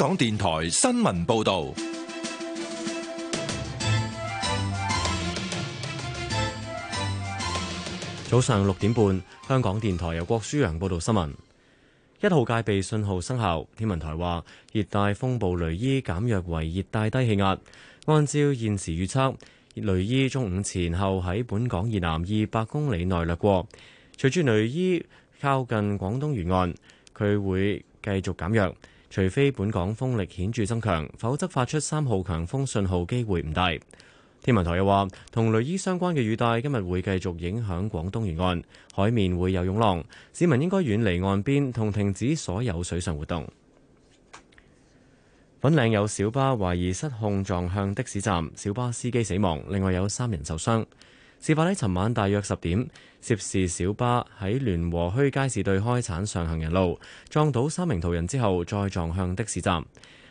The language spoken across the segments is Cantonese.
港電台新聞報道，早上六點半，香港電台由郭舒揚報道新聞。一號戒備信號生效，天文台話熱帶風暴雷伊減弱為熱帶低氣壓。按照現時預測，雷伊中午前後喺本港以南二百公里內掠過。隨住雷伊靠近廣東沿岸，佢會繼續減弱。除非本港風力顯著增強，否則發出三號強風信號機會唔大。天文台又話，同雷伊相關嘅雨帶今日會繼續影響廣東沿岸，海面會有湧浪，市民應該遠離岸邊同停止所有水上活動。粉嶺有小巴懷疑失控撞向的士站，小巴司機死亡，另外有三人受傷。事發喺尋晚大約十點，涉事小巴喺聯和墟街市對開鏟上行人路，撞到三名途人之後，再撞向的士站。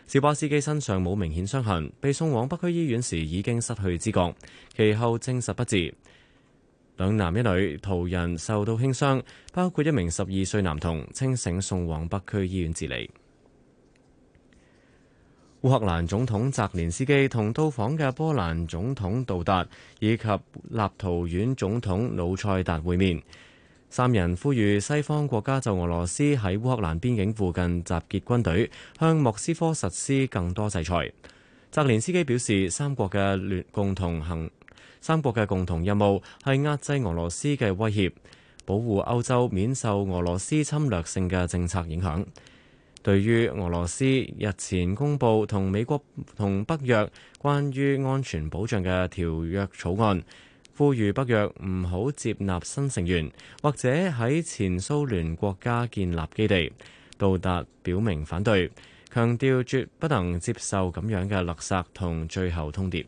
小巴司機身上冇明顯傷痕，被送往北區醫院時已經失去知覺，其後證實不治。兩男一女途人受到輕傷，包括一名十二歲男童清醒送往北區醫院治理。烏克蘭總統澤連斯基同到訪嘅波蘭總統杜達以及立陶宛總統瑙塞達會面，三人呼籲西方國家就俄羅斯喺烏克蘭邊境附近集結軍隊，向莫斯科實施更多制裁。澤連斯基表示，三國嘅共同行，三國嘅共同任務係壓制俄羅斯嘅威脅，保護歐洲免受俄羅斯侵略性嘅政策影響。對於俄羅斯日前公布同美國同北約關於安全保障嘅條約草案，呼籲北約唔好接納新成員或者喺前蘇聯國家建立基地，杜達表明反對，強調絕不能接受咁樣嘅垃圾同最後通牒。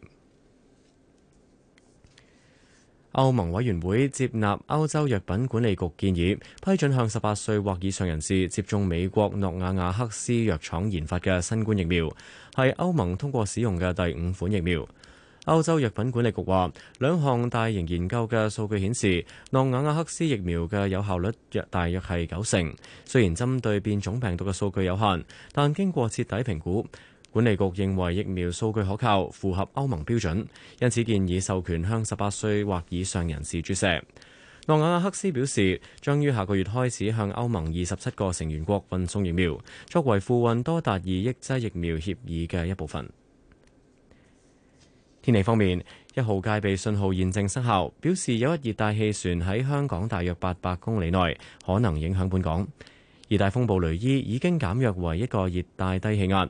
歐盟委員會接納歐洲藥品管理局建議，批准向十八歲或以上人士接種美國諾瓦瓦克斯藥廠研發嘅新冠疫苗，係歐盟通過使用嘅第五款疫苗。歐洲藥品管理局話，兩項大型研究嘅數據顯示，諾瓦瓦克斯疫苗嘅有效率約大約係九成，雖然針對變種病毒嘅數據有限，但經過徹底評估。管理局認為疫苗數據可靠，符合歐盟標準，因此建議授權向十八歲或以上人士注射。諾瓦克斯表示，將於下個月開始向歐盟二十七個成員國運送疫苗，作為富運多達二億劑疫苗協議嘅一部分。天氣方面，一號戒備信號現正生效，表示有一熱帶氣旋喺香港大約八百公里內，可能影響本港。熱帶風暴雷伊已經減弱為一個熱帶低氣壓。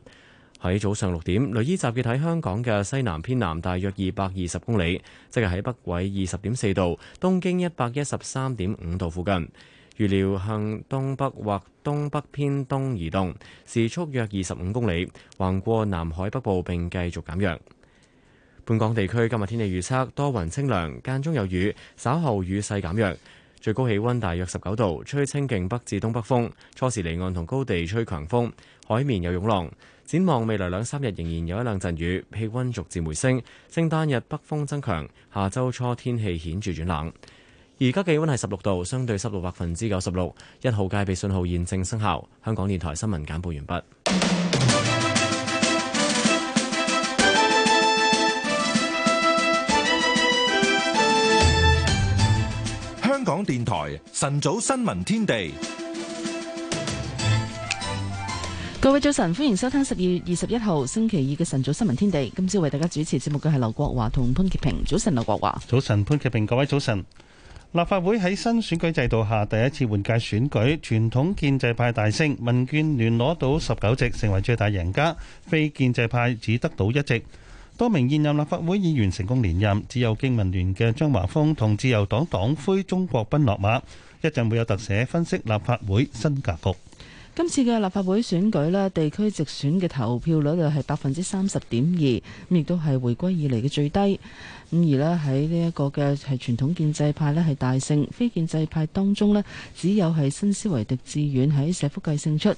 喺早上六點，雷伊集結喺香港嘅西南偏南，大約二百二十公里，即係喺北緯二十點四度、東經一百一十三點五度附近。預料向東北或東北偏東移動，時速約二十五公里，橫過南海北部並繼續減弱。本港地區今日天氣預測多雲，清涼，間中有雨，稍後雨勢減弱，最高氣温大約十九度，吹清勁北至東北風，初時離岸同高地吹強風，海面有湧浪。展望未來兩三日，仍然有一兩陣雨，氣温逐漸回升。聖誕日北風增強，下周初天氣顯著轉冷。而家氣温係十六度，相對濕度百分之九十六，一號戒備信號現正生效。香港電台新聞簡報完畢。香港電台晨早新聞天地。各位早晨，歡迎收聽十二月二十一號星期二嘅晨早新聞天地。今朝為大家主持節目嘅係劉國華同潘潔平。早晨，劉國華。早晨，潘潔平。各位早晨。立法會喺新選舉制度下第一次換屆選舉，傳統建制派大勝，民建聯攞到十九席，成為最大贏家。非建制派只得到一席。多名現任立法會議員成功連任，只有經民聯嘅張華峰同自由黨黨魁鍾國斌落馬。一陣會有特寫分析立法會新格局。今次嘅立法會選舉咧，地區直選嘅投票率又係百分之三十點二，亦都係回歸以嚟嘅最低。咁而咧喺呢一個嘅係傳統建制派咧係大勝，非建制派當中咧只有係新思維狄志遠喺社福界勝出。咁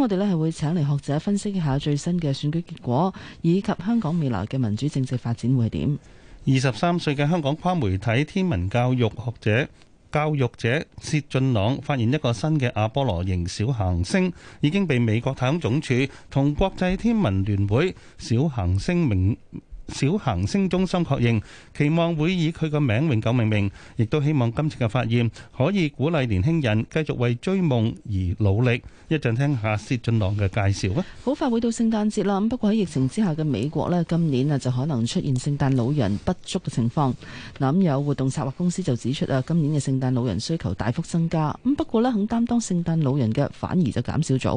我哋都係會請嚟學者分析一下最新嘅選舉結果，以及香港未來嘅民主政治發展會係點？二十三歲嘅香港跨媒體天文教育學者。教育者薛俊朗發現一個新嘅阿波羅型小行星，已經被美國太空總署同國際天文聯會小行星命名。小行星中心確認，期望會以佢個名永久命名，亦都希望今次嘅發現可以鼓勵年輕人繼續為追夢而努力。一陣聽下薛俊朗嘅介紹，啊！好快會到聖誕節啦，咁不過喺疫情之下嘅美國呢，今年啊就可能出現聖誕老人不足嘅情況。咁有活動策劃公司就指出啊，今年嘅聖誕老人需求大幅增加，咁不過呢，肯擔當聖誕老人嘅反而就減少咗。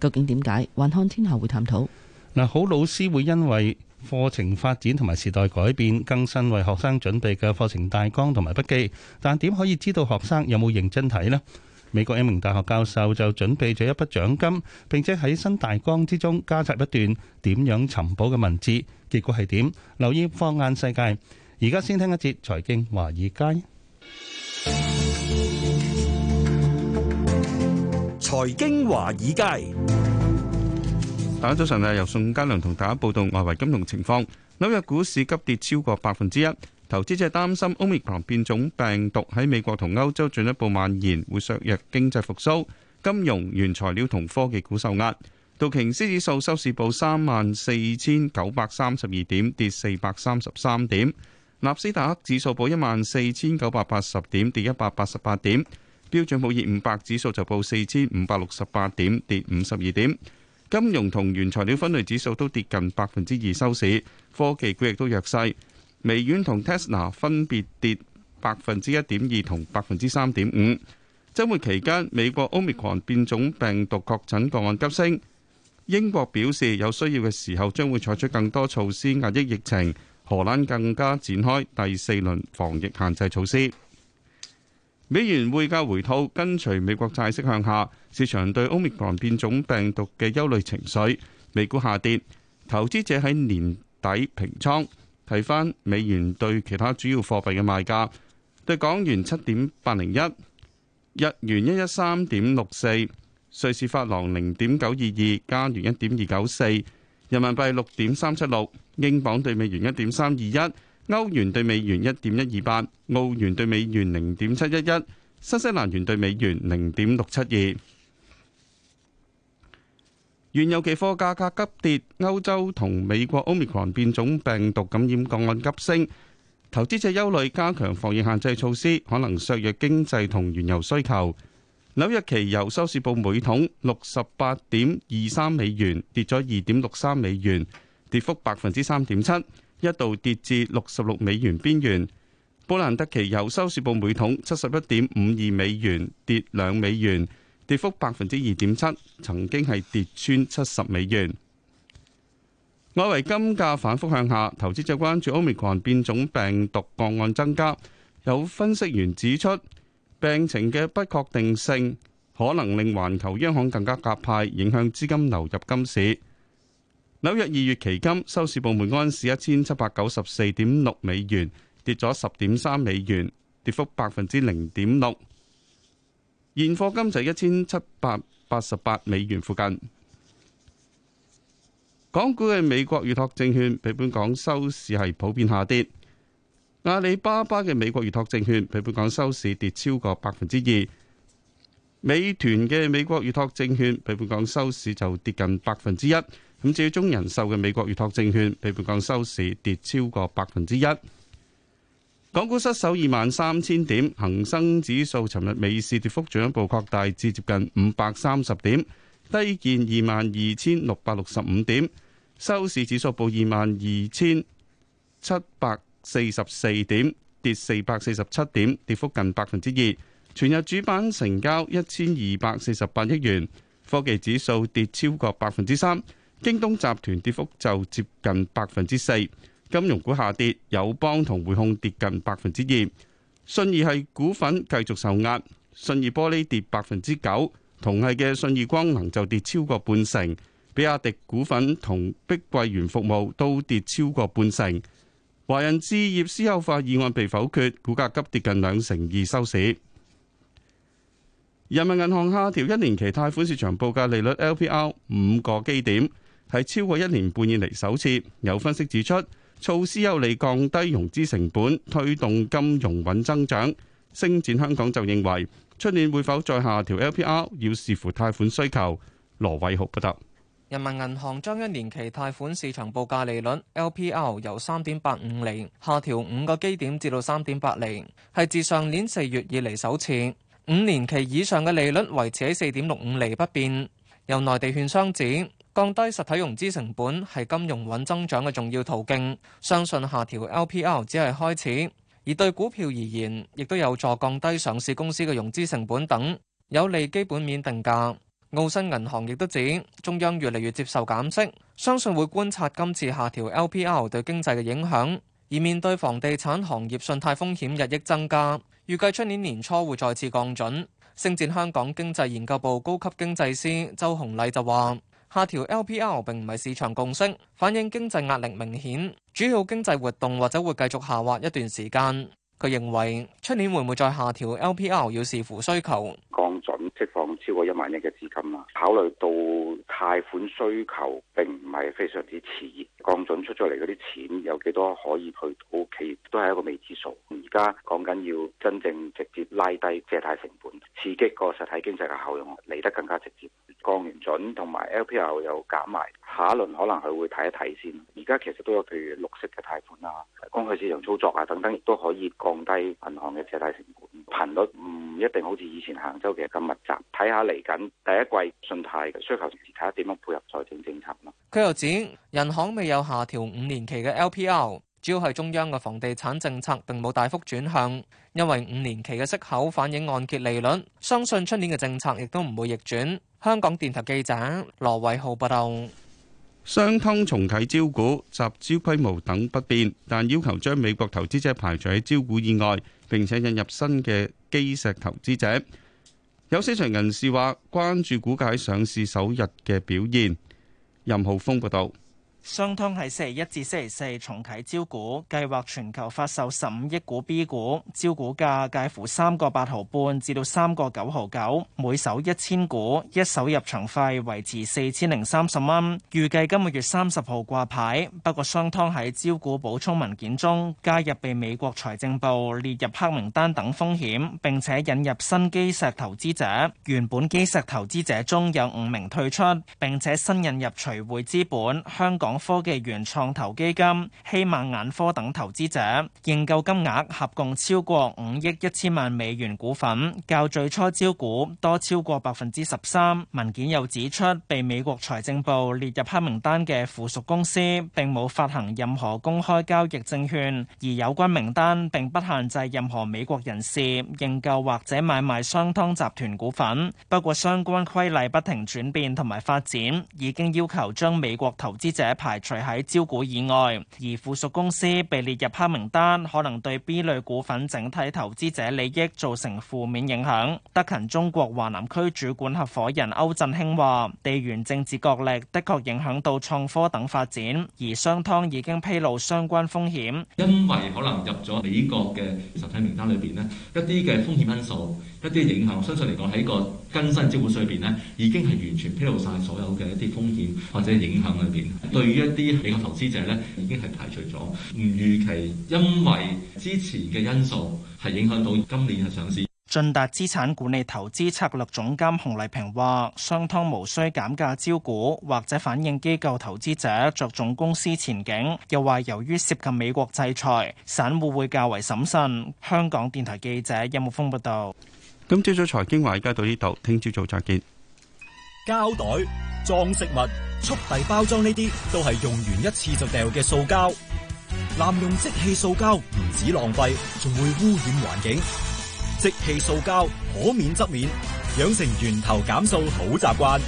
究竟點解？還看天下會探討。嗱，好老師會因為課程發展同埋時代改變更新為學生準備嘅課程大綱同埋筆記，但點可以知道學生有冇認真睇呢？美國一名大學教授就準備咗一筆獎金，並且喺新大綱之中加插一段點樣尋寶嘅文字，結果係點？留意放眼世界，而家先聽一節財經華爾街。財經華爾街。大家早上好，由宋嘉良同大家報道外圍金融情況。紐約股市急跌超過百分之一，投資者擔心 Omicron 變種病毒喺美國同歐洲進一步蔓延，會削弱經濟復甦。金融、原材料同科技股受壓。道瓊斯指數收市報三萬四千九百三十二點，跌四百三十三點。納斯達克指數報一萬四千九百八十點，跌一百八十八點。標準普爾五百指數就報四千五百六十八點，跌五十二點。金融同原材料分類指數都跌近百分之二收市，科技股亦都弱勢，微軟同 Tesla 分別跌百分之一點二同百分之三點五。周末期間，美國 Omicron 變種病毒確診個案急升，英國表示有需要嘅時候將會採取更多措施壓抑疫疫情，荷蘭更加展開第四輪防疫限制措施。美元匯價回吐，跟隨美國債息向下，市場對 Omicron 變種病毒嘅憂慮情緒，美股下跌，投資者喺年底平倉，睇翻美元對其他主要貨幣嘅賣價，對港元七點八零一，日元一一三點六四，瑞士法郎零點九二二，加元一點二九四，人民幣六點三七六，英鎊對美元一點三二一。歐元兌美元一點一二八，澳元兌美元零點七一一，新西蘭元兌美元零點六七二。原油期貨價格急跌，歐洲同美國 Omicron 變種病毒感染個案急升，投資者憂慮加強防疫限制措施可能削弱經濟同原油需求。紐約期油收市報每桶六十八點二三美元，跌咗二點六三美元，跌幅百分之三點七。一度跌至六十六美元邊緣，布蘭特期油收市報每桶七十一點五二美元，跌兩美元，跌幅百分之二點七，曾經係跌穿七十美元。外圍金價反覆向下，投資者關注 Omicron 變種病毒個案增加，有分析員指出，病情嘅不確定性可能令環球央行更加鴿派，影響資金流入金市。紐約二月期金收市，部門安市一千七百九十四點六美元，跌咗十點三美元，跌幅百分之零點六。現貨金就一千七百八十八美元附近。港股嘅美國預託證券比本港收市係普遍下跌。阿里巴巴嘅美國預託證券比本港收市跌超過百分之二。美團嘅美國預託證券比本港收市就跌近百分之一。咁至於中人壽嘅美國預託證券，被曝光收市跌超過百分之一。港股失守二萬三千點，恒生指數尋日美市跌幅進一步擴大至接近五百三十點，低見二萬二千六百六十五點，收市指數報二萬二千七百四十四點，跌四百四十七點，跌幅近百分之二。全日主板成交一千二百四十八億元，科技指數跌超過百分之三。京東集團跌幅就接近百分之四，金融股下跌，友邦同匯控跌近百分之二，信義係股份繼續受壓，信義玻璃跌百分之九，同係嘅信義光能就跌超過半成，比亞迪股份同碧桂園服務都跌超過半成，華人置業私有化議案被否決，股價急跌近兩成二收市。人民銀行下調一年期貸款市場報價利率 LPR 五個基點。係超過一年半以嚟首次。有分析指出，措施有利降低融資成本，推動金融穩增長。星展香港就認為，出年會否再下調 LPR，要視乎貸款需求。羅偉豪報道，人民銀行將一年期貸款市場報價利率 LPR 由三點八五厘下調五個基點至到三點八厘，係自上年四月以嚟首次。五年期以上嘅利率維持喺四點六五厘不變。由內地券商展。降低實體融資成本係金融穩增長嘅重要途徑，相信下調 LPR 只係開始，而對股票而言，亦都有助降低上市公司嘅融資成本等，有利基本面定價。澳新銀行亦都指中央越嚟越接受減息，相信會觀察今次下調 LPR 對經濟嘅影響。而面對房地產行業，業信貸風險日益增加，預計出年年初會再次降準。星展香港經濟研究部高級經濟師周洪禮就話。下調 LPR 並唔係市場共識，反映經濟壓力明顯，主要經濟活動或者會繼續下滑一段時間。佢認為，出年會唔會再下調 LPR，要視乎需求。降準釋放超過一萬億嘅資金啦，考慮到貸款需求並唔係非常之熾熱，降準出咗嚟嗰啲錢有幾多可以去到企業，都係一個未知數。而家講緊要真正直接拉低借貸成本，刺激個實體經濟嘅效用，嚟得更加直接。降完準，同埋 LPR 又減埋，下一輪可能佢會睇一睇先。而家其實都有譬如綠色嘅貸款啦、公開市場操作啊等等，亦都可以降低銀行嘅借貸成本。頻率唔一定好似以前行州嘅咁密集，睇下嚟緊第一季信貸嘅需求同時睇下點樣配合財政政策咯。佢又指人行未有下調五年期嘅 LPR。主要係中央嘅房地產政策並冇大幅轉向，因為五年期嘅息口反映按揭利率，相信出年嘅政策亦都唔會逆轉。香港電台記者羅偉浩報道。商通重啟招股，集資規模等不變，但要求將美國投資者排除喺招股以外，並且引入新嘅基石投資者。有市場人士話關注股價喺上市首日嘅表現。任浩峰報道。商湯喺星期一至星期四重啟招股，計劃全球發售十五億股 B 股，招股價介乎三個八毫半至到三個九毫九，每手一千股，一手入場費維持四千零三十蚊，預計今個月三十號掛牌。不過商湯喺招股補充文件中加入被美國財政部列入黑名單等風險並且引入新基石投資者，原本基石投資者中有五名退出，並且新引入徐匯資本香港、港科技、原創投基金、希曼眼科等投資者認購金額合共超過五億一千萬美元股份，較最初招股多超過百分之十三。文件又指出，被美國財政部列入黑名單嘅附屬公司，並冇發行任何公開交易證券，而有關名單並不限制任何美國人士認購或者買賣商湯集團股份。不過相關規例不停轉變同埋發展，已經要求將美國投資者。排除喺招股以外，而附屬公司被列入黑名單，可能對 B 類股份整體投資者利益造成負面影響。德勤中國華南區主管合夥人歐振興話，地緣政治角力的確影響到創科等發展，而商湯已經披露相關風險，因為可能入咗美國嘅實體名單裏邊呢一啲嘅風險因素。一啲影響，相信嚟講喺個更新招股水平呢已經係完全披露晒所有嘅一啲風險或者影響裏邊。對於一啲美國投資者呢，已經係排除咗唔預期，因為支持嘅因素係影響到今年嘅上市。進達資產管理投資策略總監洪麗萍話，商湯無需減價招股，或者反映機構投資者着重公司前景。又話由於涉及美國制裁，散戶會較為審慎。香港電台記者任木峯報道。今朝早財經話而家到呢度，聽朝早再見。膠袋、裝食物、速遞包裝呢啲都係用完一次就掉嘅塑膠。濫用即棄塑膠唔止浪費，仲會污染環境。即棄塑膠可免則免，養成源頭減數好習慣。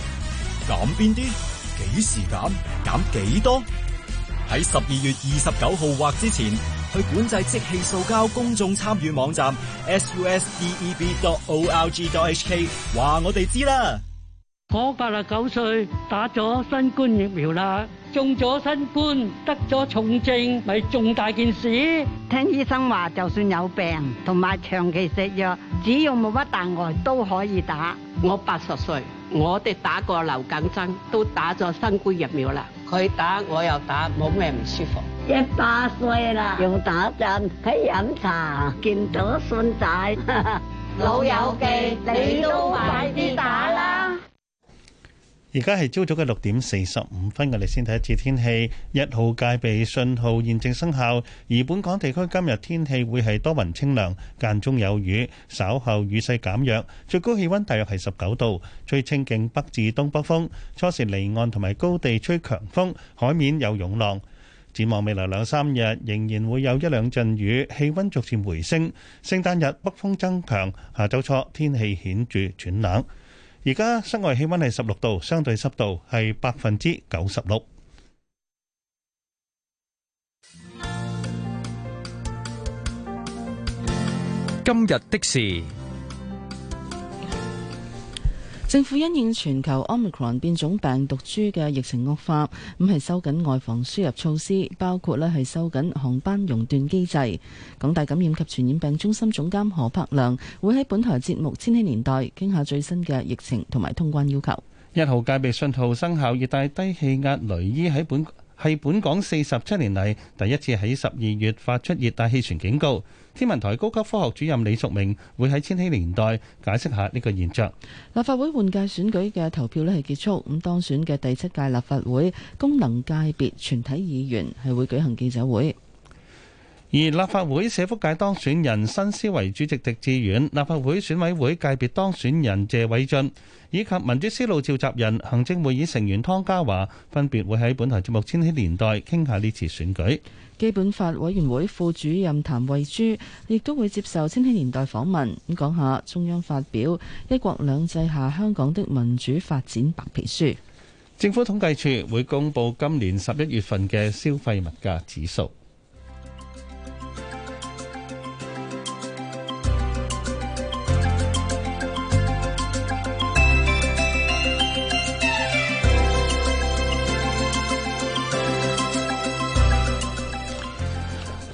減邊啲？幾時減？減幾多？喺十二月二十九號或之前。去管制即棄塑膠公眾參與網站 s u s d e v dot o r g dot h k，話我哋知啦。我八十九歲打咗新冠疫苗啦，中咗新冠得咗重症咪重大件事。聽醫生話，就算有病同埋長期食藥，只要冇乜大礙都可以打。我八十歲。我哋打過流感針，都打咗新冠疫苗啦。佢打我又打，冇咩唔舒服。一百歲啦，用打針去飲茶見到孫仔， 老友記，你都快啲打啦！而家係朝早嘅六點四十五分，我哋先睇一次天氣。一號戒備信號現正生效，而本港地區今日天氣會係多雲清涼，間中有雨，稍後雨勢減弱。最高氣温大約係十九度，吹清勁北至東北風，初時離岸同埋高地吹強風，海面有湧浪。展望未來兩三日，仍然會有一兩陣雨，氣温逐漸回升。聖誕日北風增強，下週初天氣顯著轉冷。而家室外氣温係十六度，相對濕度係百分之九十六。今日的事。政府因應全球 Omicron 變種病毒株嘅疫情惡化，咁係收緊外防輸入措施，包括咧係收緊航班熔斷機制。港大感染及傳染病中心總監何柏良會喺本台節目《千禧年代》傾下最新嘅疫情同埋通關要求。一號戒備信號生效，熱帶低氣壓雷伊喺本係本港四十七年嚟第一次喺十二月發出熱帶氣旋警告。天文台高級科學主任李淑明會喺千禧年代解釋下呢個現象。立法會換屆選舉嘅投票呢係結束，咁當選嘅第七屆立法會功能界別全體議員係會舉行記者會。而立法會社福界當選人新思維主席狄志遠、立法會選委會界別當選人謝偉俊以及民主思路召集人、行政會議成員湯家驊分別會喺本台節目《千禧年代》傾下呢次選舉。基本法委員會副主任譚慧珠亦都會接受《清禧年代》訪問，講下中央發表《一國兩制下香港的民主發展白皮書，政府統計處會公布今年十一月份嘅消費物價指數。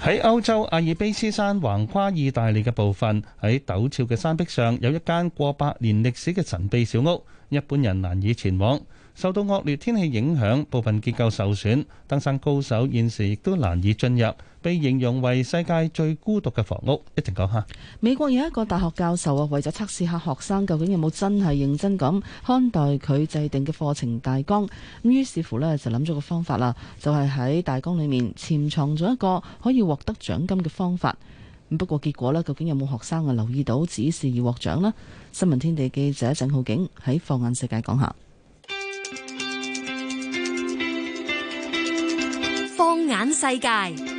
喺歐洲阿爾卑斯山橫跨意大利嘅部分，喺陡峭嘅山壁上有一間過百年歷史嘅神秘小屋，一般人難以前往。受到惡劣天氣影響，部分結構受損，登山高手現時亦都難以進入。被形容為世界最孤獨嘅房屋，一齊講下。美國有一個大學教授啊，為咗測試下學生究竟有冇真係認真咁看待佢制定嘅課程大綱，咁於是乎咧就諗咗個方法啦，就係喺大綱裏面潛藏咗一個可以獲得獎金嘅方法。咁不過結果咧，究竟有冇學生啊留意到指示而獲獎呢？新聞天地記者鄭浩景喺放眼世界講下，放眼世界。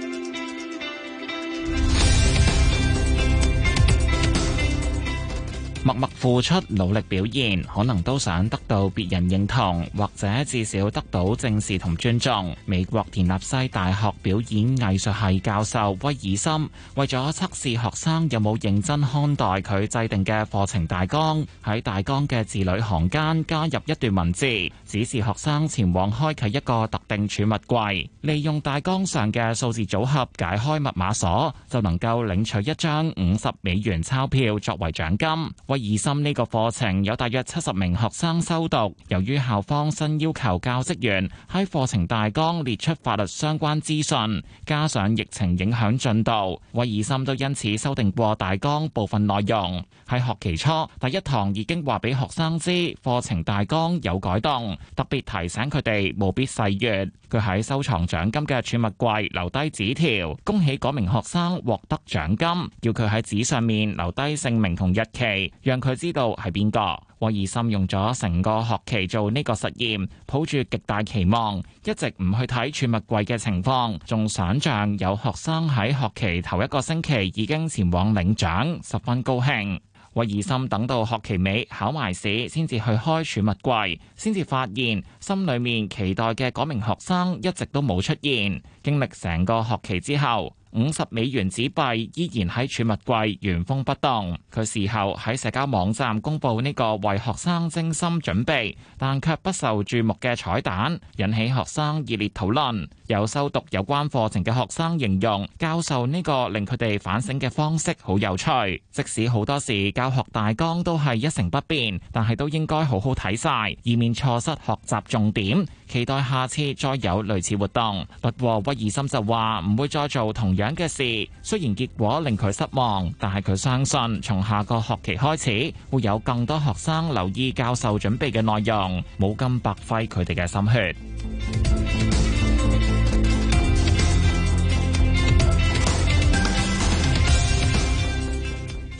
默默付出、努力表現，可能都想得到別人認同，或者至少得到正視同尊重。美國田納西大學表演藝術系教授威爾森為咗測試學生有冇認真看待佢制定嘅課程大綱，喺大綱嘅字裏行間加入一段文字，指示學生前往開啟一個特定儲物櫃，利用大綱上嘅數字組合解開密碼鎖，就能夠領取一張五十美元鈔票作為獎金。威爾森呢個課程有大約七十名學生修讀，由於校方新要求教職員喺課程大綱列出法律相關資訊，加上疫情影響進度，威爾森都因此修訂過大綱部分內容。喺學期初第一堂已經話俾學生知課程大綱有改動，特別提醒佢哋務必細閱。佢喺收藏獎金嘅儲物櫃櫃留低紙條，恭喜嗰名學生獲得獎金，要佢喺紙上面留低姓名同日期。讓佢知道係邊個。威爾森用咗成個學期做呢個實驗，抱住極大期望，一直唔去睇儲物櫃嘅情況，仲想象有學生喺學期頭一個星期已經前往領獎，十分高興。威爾森等到學期尾考埋試，先至去開儲物櫃，先至發現心裏面期待嘅嗰名學生一直都冇出現。經歷成個學期之後。五十美元紙幣依然喺儲物櫃原封不動。佢事後喺社交網站公布呢個為學生精心準備，但卻不受注目嘅彩蛋，引起學生熱烈討論。有修讀有關課程嘅學生形容教授呢個令佢哋反省嘅方式好有趣。即使好多時教學大綱都係一成不變，但係都應該好好睇晒，以免錯失學習重點。期待下次再有類似活動。不過，威爾森就話唔會再做同樣嘅事，雖然結果令佢失望，但係佢相信從下個學期開始會有更多學生留意教授準備嘅內容，冇咁白費佢哋嘅心血。klass ik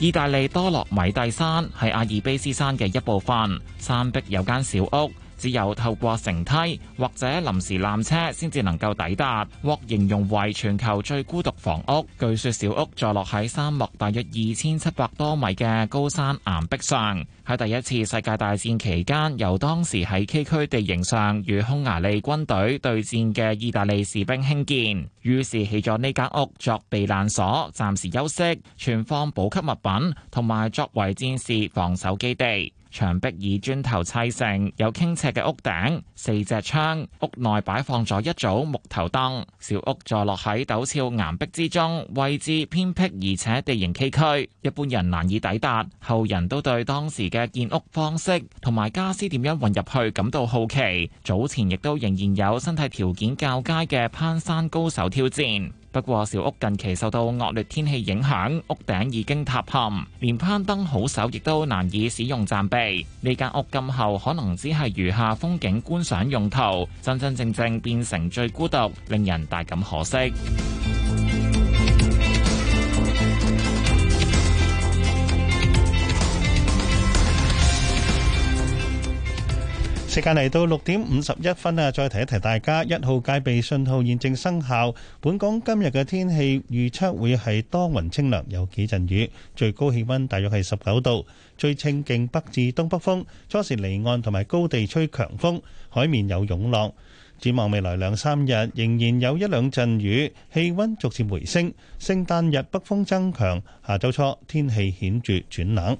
意大利多洛米蒂山係阿爾卑斯山嘅一部分，山壁有間小屋。只有透過乘梯或者臨時纜車先至能夠抵達，獲形容為全球最孤獨房屋。據說小屋坐落喺沙漠，大約二千七百多米嘅高山岩壁上。喺第一次世界大戰期間，由當時喺崎嶇地形上與匈牙利軍隊對戰嘅意大利士兵興建，於是起咗呢間屋作避難所、暫時休息、存放補給物品，同埋作為戰士防守基地。牆壁以磚頭砌成，有傾斜嘅屋頂，四隻窗。屋內擺放咗一組木頭燈。小屋坐落喺陡峭巖壁之中，位置偏僻而且地形崎嶇，一般人難以抵達。後人都對當時嘅建屋方式同埋家私點樣運入去感到好奇。早前亦都仍然有身體條件較佳嘅攀山高手挑戰。不過，小屋近期受到惡劣天氣影響，屋頂已經塌陷，連攀登好手亦都難以使用暫避。呢間屋咁後可能只係餘下風景觀賞用途，真真正正變成最孤獨，令人大感可惜。時間嚟到六點五十一分啊，再提一提大家，一號戒備信號現正生效。本港今日嘅天氣預測會係多雲清涼，有幾陣雨，最高氣温大約係十九度，最清勁北至東北風，初時離岸同埋高地吹強風，海面有湧浪。展望未來兩三日，仍然有一兩陣雨，氣温逐漸回升。聖誕日北風增強，下周初天氣顯著轉冷。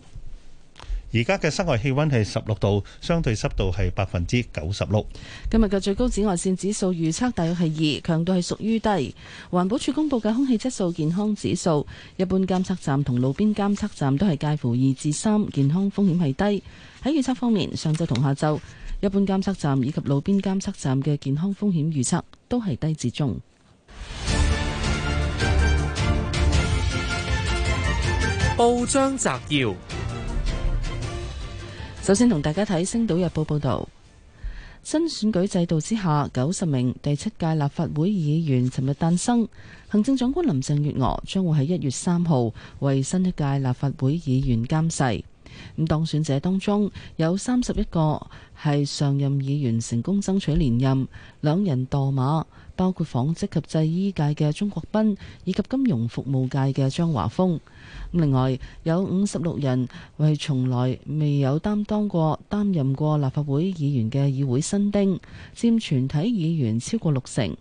而家嘅室外氣溫係十六度，相對濕度係百分之九十六。今日嘅最高紫外線指數預測大約係二，強度係屬於低。環保署公布嘅空氣質素健康指數，一般監測站同路邊監測站都係介乎二至三，健康風險係低。喺預測方面，上晝同下晝一般監測站以及路邊監測站嘅健康風險預測都係低至中。報章摘要。首先同大家睇《星島日報》報道，新選舉制度之下，九十名第七屆立法會議員尋日誕生，行政長官林鄭月娥將會喺一月三號為新一屆立法會議員監誓。咁當選者當中有三十一個係上任議員成功爭取連任，兩人墮馬。包括紡織及製衣界嘅鍾國斌，以及金融服務界嘅張華峰。另外有五十六人為從來未有擔當過擔任過立法會議員嘅議會新丁，佔全體議員超過六成。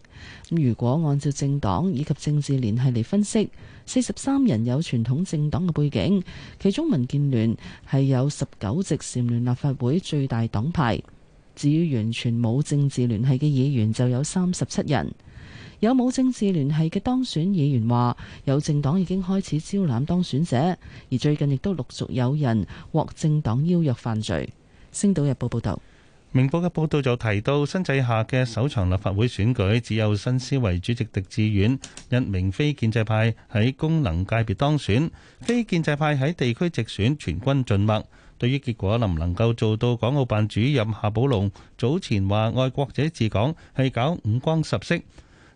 如果按照政黨以及政治聯繫嚟分析，四十三人有傳統政黨嘅背景，其中民建聯係有十九席，蟬聯立法會最大黨派。至於完全冇政治聯繫嘅議員就有三十七人，有冇政治聯繫嘅當選議員話，有政黨已經開始招攬當選者，而最近亦都陸續有人獲政黨邀約犯罪。星島日報報道，明報嘅報導就提到新制下嘅首場立法會選舉，只有新思維主席狄志遠一名非建制派喺功能界別當選，非建制派喺地區直選全軍盡墨。對於結果能唔能夠做到？港澳辦主任夏寶龍早前話：愛國者治港係搞五光十色。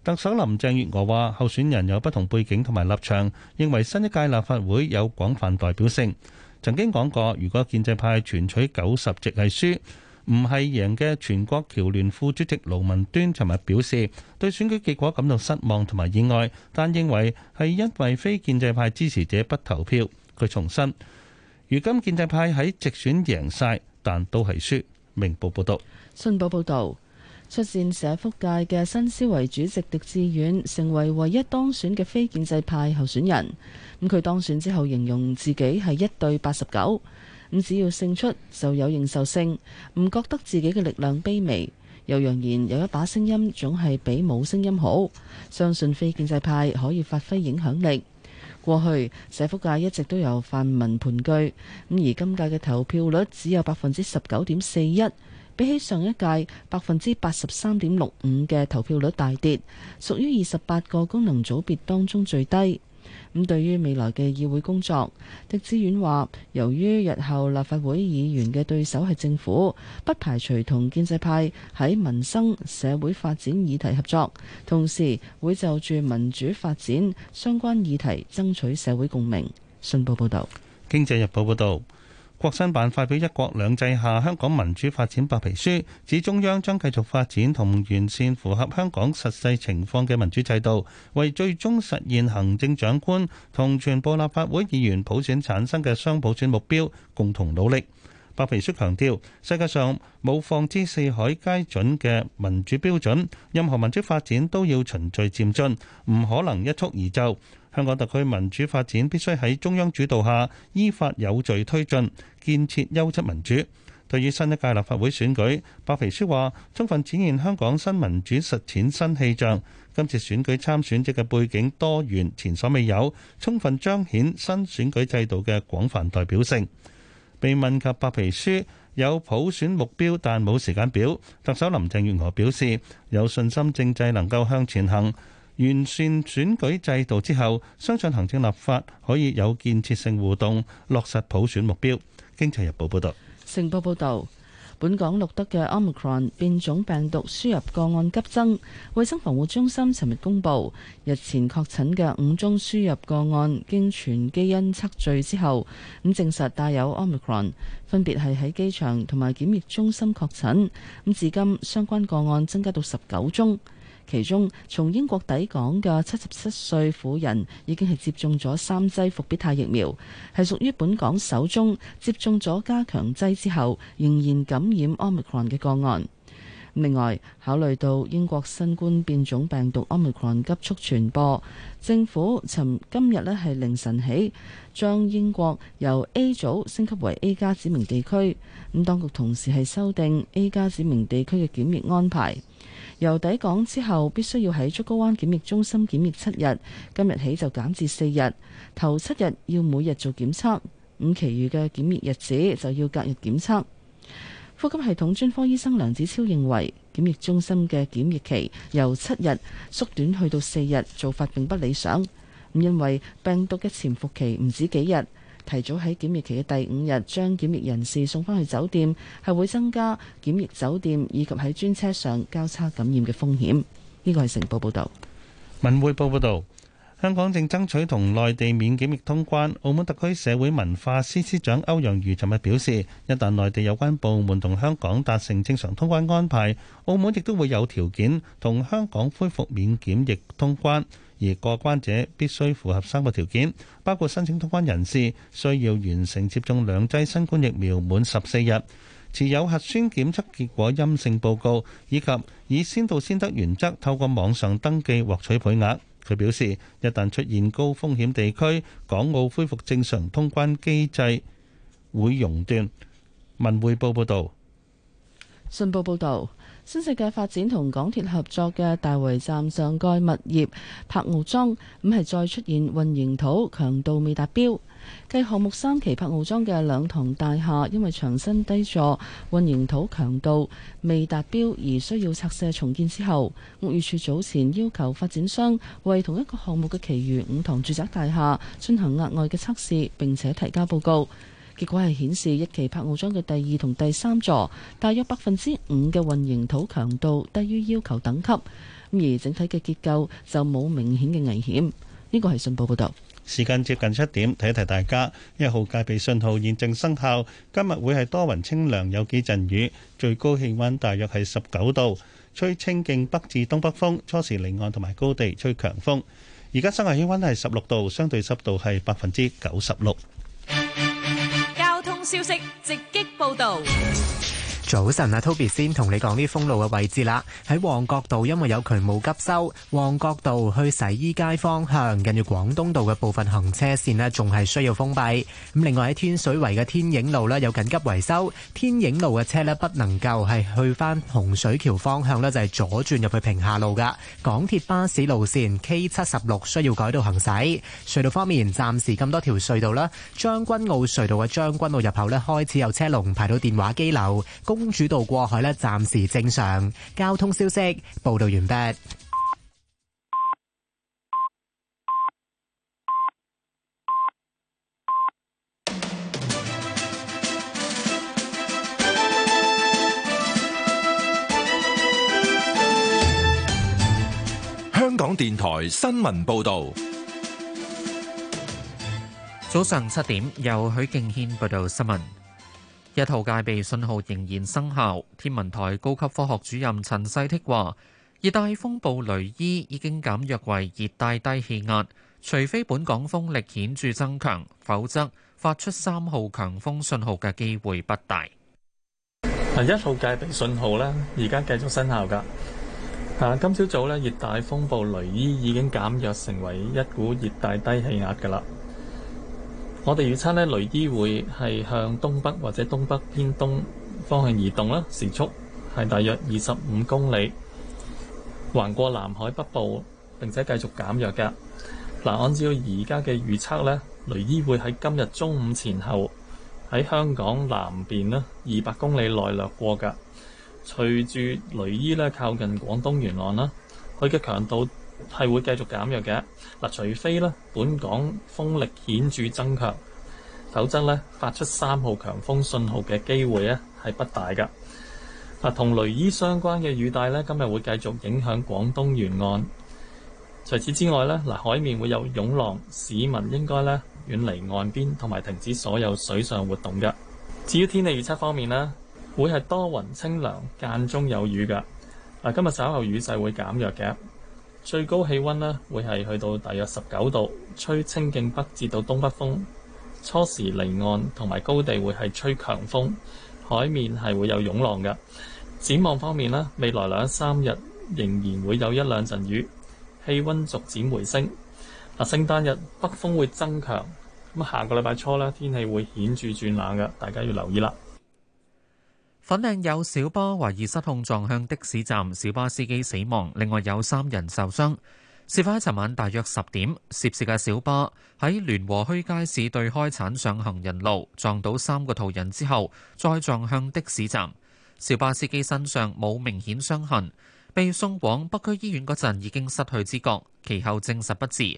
特首林鄭月娥話：候選人有不同背景同埋立場，認為新一屆立法會有廣泛代表性。曾經講過，如果建制派全取九十席係輸，唔係贏嘅全國僑聯副主席盧文端尋日表示，對選舉結果感到失望同埋意外，但認為係因為非建制派支持者不投票。佢重申。如今建制派喺直選贏晒，但都係輸。明報報道，信報報道，出戰社福界嘅新思維主席狄志遠成為唯一當選嘅非建制派候選人。咁佢當選之後形容自己係一對八十九，咁只要勝出就有認受性，唔覺得自己嘅力量卑微，又揚言有一把聲音總係比冇聲音好，相信非建制派可以發揮影響力。過去社福界一直都有泛民盤踞，咁而今屆嘅投票率只有百分之十九點四一，比起上一屆百分之八十三點六五嘅投票率大跌，屬於二十八個功能組別當中最低。咁對於未來嘅議會工作，狄志遠話：由於日後立法會議員嘅對手係政府，不排除同建制派喺民生社會發展議題合作，同時會就住民主發展相關議題爭取社會共鳴。信報報導，《經濟日報》報導。國新辦發表《一國兩制下香港民主發展白皮書》，指中央將繼續發展同完善符合香港實際情況嘅民主制度，為最終實現行政長官同全部立法會議員普選產生嘅雙普選目標，共同努力。白皮書強調，世界上冇放之四海皆準嘅民主標準，任何民主發展都要循序漸進，唔可能一蹴而就。香港特區民主發展必須喺中央主導下，依法有序推進，建設優質民主。對於新一屆立法會選舉，白皮書話，充分展現香港新民主實踐新氣象。今次選舉參選者嘅背景多元，前所未有，充分彰顯新選舉制度嘅廣泛代表性。被問及白皮書有普選目標但冇時間表，特首林鄭月娥表示有信心政制能夠向前行。完善選舉制度之後，相信行政立法可以有建設性互動，落實普選目標。經濟日報報導。星報報導，本港錄得嘅 Omicron 變種病毒輸入個案急增。衛生防護中心尋日公布，日前確診嘅五宗輸入個案經全基因測序之後，咁證實帶有 Omicron，分別係喺機場同埋檢疫中心確診。咁至今相關個案增加到十九宗。其中，從英國抵港嘅七十七歲婦人已經係接種咗三劑復必泰疫苗，係屬於本港首宗接種咗加強劑之後仍然感染 Omicron 嘅個案。另外，考慮到英國新冠變種病毒 Omicron 急速傳播，政府尋今日呢係凌晨起，將英國由 A 組升級為 A 加指明地區。咁當局同時係修訂 A 加指明地區嘅檢疫安排。由抵港之後，必須要喺竹篙灣檢疫中心檢疫七日，今日起就減至四日。頭七日要每日做檢測，咁其餘嘅檢疫日子就要隔日檢測。呼吸系統專科醫生梁子超認為，檢疫中心嘅檢疫期由七日縮短去到四日，做法並不理想。咁因為病毒嘅潛伏期唔止幾日。提早喺檢疫期嘅第五日將檢疫人士送翻去酒店，係會增加檢疫酒店以及喺專車上交叉感染嘅風險。呢個係成報報導，文匯報報導，香港正爭取同內地免檢疫通關。澳門特區社會文化司司長歐陽瑜尋日表示，一旦內地有關部門同香港達成正常通關安排，澳門亦都會有條件同香港恢復免檢疫通關。而過關者必須符合三個條件，包括申請通關人士需要完成接種兩劑新冠疫苗滿十四日，持有核酸檢測結果陰性報告，以及以先到先得原則透過網上登記獲取配額。佢表示，一旦出現高風險地區，港澳恢復正常通關機制會熔斷。文匯報報導，信報報導。新世界發展同港鐵合作嘅大圍站上蓋物業柏傲莊，咁係再出現混凝土強度未達標。計項目三期柏傲莊嘅兩幢大廈，因為牆身低座混凝土強度未達標而需要拆卸重建之後，屋宇署早前要求發展商為同一個項目嘅其餘五幢住宅大廈進行額外嘅測試，並且提交報告。結果係顯示一期柏傲莊嘅第二同第三座，大約百分之五嘅混凝土強度低於要求等級，而整體嘅結構就冇明顯嘅危險。呢個係信報報導。時間接近七點，提一提大家，一號戒備信號現正生效。今日會係多雲清涼，有幾陣雨，最高氣温大約係十九度，吹清勁北至東北風，初時離岸同埋高地吹強風。而家室外氣温係十六度，相對濕度係百分之九十六。消息直擊報導。早晨啊，Toby 先同你講啲封路嘅位置啦。喺旺角道因為有渠務急修，旺角道去洗衣街方向，近住廣東道嘅部分行車線咧，仲係需要封閉。咁另外喺天水圍嘅天影路咧有緊急維修，天影路嘅車咧不能夠係去翻洪水橋方向咧，就係左轉入去平下路噶。港鐵巴士路線 K 七十六需要改道行駛。隧道方面，暫時咁多條隧道啦，將軍澳隧道嘅將軍澳入口咧開始有車龍排到電話機樓。公主道過海咧，暫時正常。交通消息報道完畢。香港電台新聞報道，早上七點由許敬軒報道新聞。一號戒備信號仍然生效。天文台高級科學主任陳世剔話：熱帶風暴雷伊已經減弱為熱帶低氣壓，除非本港風力顯著增強，否則發出三號強風信號嘅機會不大。一號戒備信號呢，而家繼續生效㗎。啊，今朝早呢，熱帶風暴雷伊已經減弱成為一股熱帶低氣壓㗎啦。我哋預測呢，雷伊會係向東北或者東北偏東方向移動啦，時速係大約二十五公里，橫過南海北部，並且繼續減弱㗎。嗱、啊，按照而家嘅預測呢，雷伊會喺今日中午前後喺香港南邊啦，二百公里內掠過㗎。隨住雷伊呢，靠近廣東沿岸啦，佢嘅強度，係會繼續減弱嘅，嗱，除非咧本港風力顯著增強，否則咧發出三號強風信號嘅機會咧係不大㗎。同雷伊相關嘅雨帶咧，今日會繼續影響廣東沿岸。除此之外咧，嗱海面會有湧浪，市民應該咧遠離岸邊，同埋停止所有水上活動㗎。至於天氣預測方面咧，會係多雲清涼，間中有雨㗎。嗱，今日稍後雨勢會減弱嘅。最高氣温呢會係去到大約十九度，吹清勁北至到東北風。初時離岸同埋高地會係吹強風，海面係會有湧浪嘅。展望方面呢，未來兩三日仍然會有一兩陣雨，氣温逐漸回升。啊，聖誕日北風會增強，咁下個禮拜初呢天氣會顯著轉冷嘅，大家要留意啦。粉嶺有小巴懷疑失控撞向的士站，小巴司機死亡，另外有三人受傷。事發喺尋晚大約十點，涉事嘅小巴喺聯和墟街市對開鏟上行人路，撞到三個途人之後，再撞向的士站。小巴司機身上冇明顯傷痕，被送往北區醫院嗰陣已經失去知覺，其後證實不治。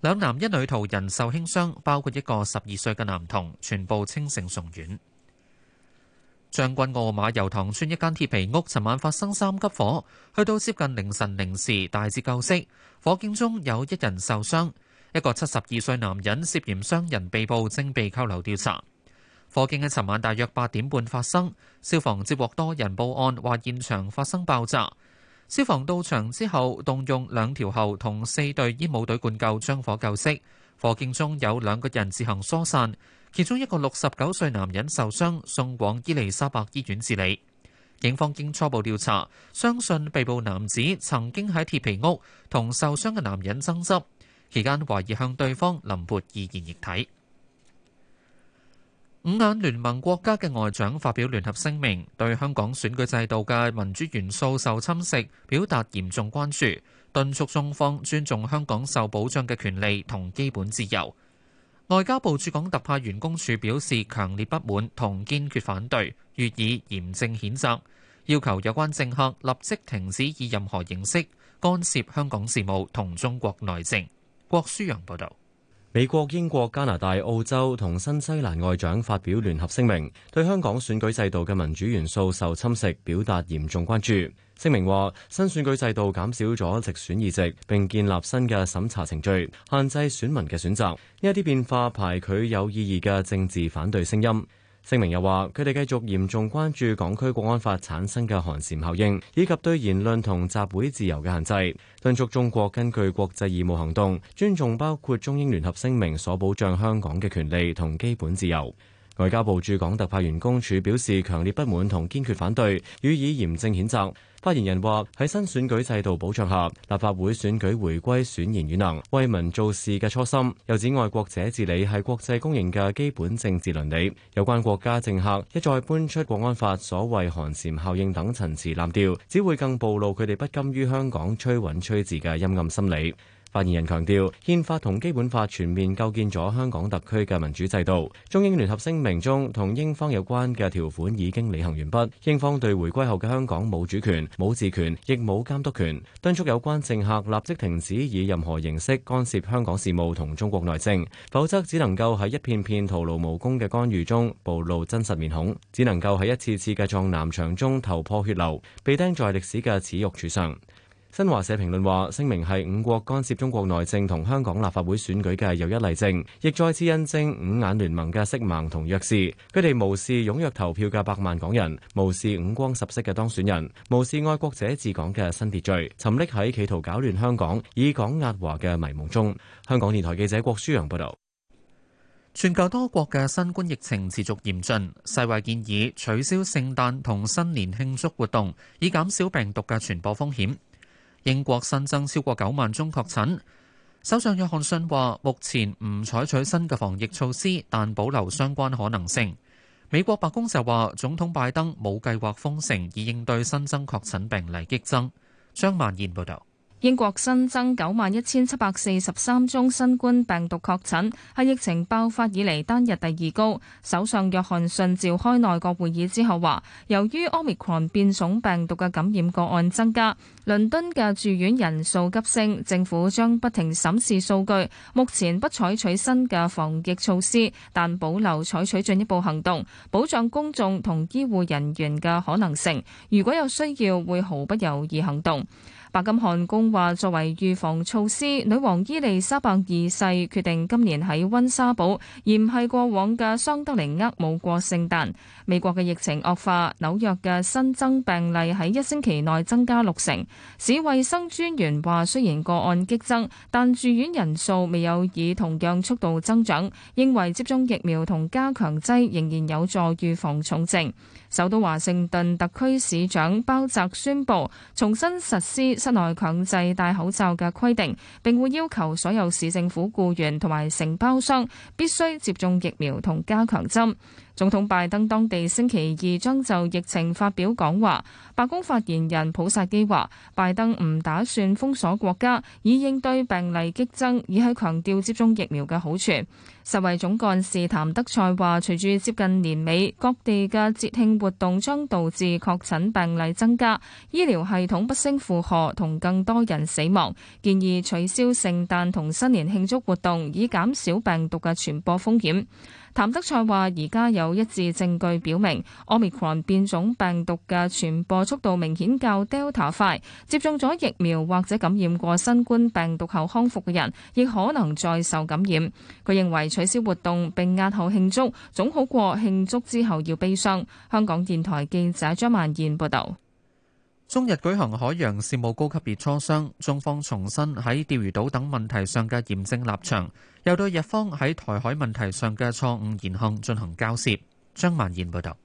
兩男一女途人受輕傷，包括一個十二歲嘅男童，全部清醒送院。將軍澳馬油塘村一間鐵皮屋，尋晚發生三級火，去到接近凌晨零時，大致救熄。火警中有一人受傷，一個七十二歲男人涉嫌傷人被捕，正被扣留調查。火警喺尋晚大約八點半發生，消防接獲多人報案，話現場發生爆炸。消防到場之後，動用兩條喉同四隊煙帽隊灌救，將火救熄。火警中有兩個人自行疏散。其中一個六十九歲男人受傷，送往伊利沙伯醫院治理。警方經初步調查，相信被捕男子曾經喺鐵皮屋同受傷嘅男人爭執，期間懷疑向對方淋潑易燃液體。五眼聯盟國家嘅外長發表聯合聲明，對香港選舉制度嘅民主元素受侵蝕表達嚴重關注，敦促中方尊重香港受保障嘅權利同基本自由。外交部駐港特派員公署表示強烈不滿同堅決反對，予以嚴正譴責，要求有關政客立即停止以任何形式干涉香港事務同中國內政。郭書陽報道。美國、英國、加拿大、澳洲同新西蘭外長發表聯合聲明，對香港選舉制度嘅民主元素受侵蝕，表達嚴重關注。聲明話，新選舉制度減少咗直選議席，並建立新嘅審查程序，限制選民嘅選擇。呢一啲變化排除有意義嘅政治反對聲音。聲明又話：佢哋繼續嚴重關注港區《國安法》產生嘅寒蟬效應，以及對言論同集會自由嘅限制，敦促中國根據國際義務行動，尊重包括中英聯合聲明所保障香港嘅權利同基本自由。外交部駐港特派員公署表示強烈不滿同堅決反對，予以嚴正譴責。發言人話：喺新選舉制度保障下，立法會選舉回歸選賢與能、為民做事嘅初心。又指愛國者治理係國際公認嘅基本政治倫理。有關國家政客一再搬出《國安法》所謂寒蟬效應等陳詞濫調，只會更暴露佢哋不甘於香港趨穩趨治嘅陰暗心理。發言人強調，憲法同基本法全面構建咗香港特區嘅民主制度。中英聯合聲明中同英方有關嘅條款已經履行完畢。英方對回歸後嘅香港冇主權、冇治權，亦冇監督權。敦促有關政客立即停止以任何形式干涉香港事務同中國內政，否則只能夠喺一片片徒勞無功嘅干預中暴露真實面孔，只能夠喺一次次嘅撞南牆中頭破血流，被釘在歷史嘅恥辱柱上。新華社評論話，聲明係五國干涉中國內政同香港立法會選舉嘅又一例證，亦再次印證五眼聯盟嘅色盲同弱視。佢哋無視踴躍投票嘅百萬港人，無視五光十色嘅當選人，無視愛國者治港嘅新秩序，沉溺喺企圖搞亂香港、以港壓華嘅迷夢中。香港電台記者郭舒陽報道。全球多國嘅新冠疫情持續嚴峻，世衛建議取消聖誕同新年慶祝活動，以減少病毒嘅傳播風險。英國新增超過九萬宗確診，首相約翰遜話目前唔採取新嘅防疫措施，但保留相關可能性。美國白宮就話，總統拜登冇計劃封城，以應對新增確診病例激增。張萬燕報道。英國新增九萬一千七百四十三宗新冠病毒確診，係疫情爆發以嚟單日第二高。首相約翰遜召開內閣會議之後話，由於 Omicron 變種病毒嘅感染個案增加，倫敦嘅住院人數急升。政府將不停審視數據，目前不採取新嘅防疫措施，但保留採取進一步行動保障公眾同醫護人員嘅可能性。如果有需要，會毫不猶豫行動。白金漢宮話，作為預防措施，女王伊麗莎白二世決定今年喺溫莎堡，而唔係過往嘅桑德靈厄姆過聖誕。美國嘅疫情惡化，紐約嘅新增病例喺一星期內增加六成。市衛生專員話，雖然個案激增，但住院人數未有以同樣速度增長，認為接種疫苗同加強劑仍然有助預防重症。首都華盛頓特區市長包澤宣布重新實施室內強制戴口罩嘅規定，並會要求所有市政府僱員同埋承包商必須接種疫苗同加強針。總統拜登當地星期二將就疫情發表講話，白宮發言人普薩基話：拜登唔打算封鎖國家，以應對病例激增，而係強調接種疫苗嘅好處。世衞總幹事譚德塞話：隨住接近年尾，各地嘅節慶活動將導致確診病例增加，醫療系統不勝負荷同更多人死亡，建議取消聖誕同新年慶祝活動，以減少病毒嘅傳播風險。譚德塞話：而家有一致證據表明，Omicron 變種病毒嘅傳播速度明顯較 Delta 快。接種咗疫苗或者感染過新冠病毒後康復嘅人，亦可能再受感染。佢認為取消活動並押後慶祝，總好過慶祝之後要悲傷。香港電台記者張萬燕報道。中日舉行海洋事務高級別磋商，中方重申喺釣魚島等問題上嘅嚴正立場。又對日方喺台海問題上嘅錯誤言行進行交涉。張萬燕報導。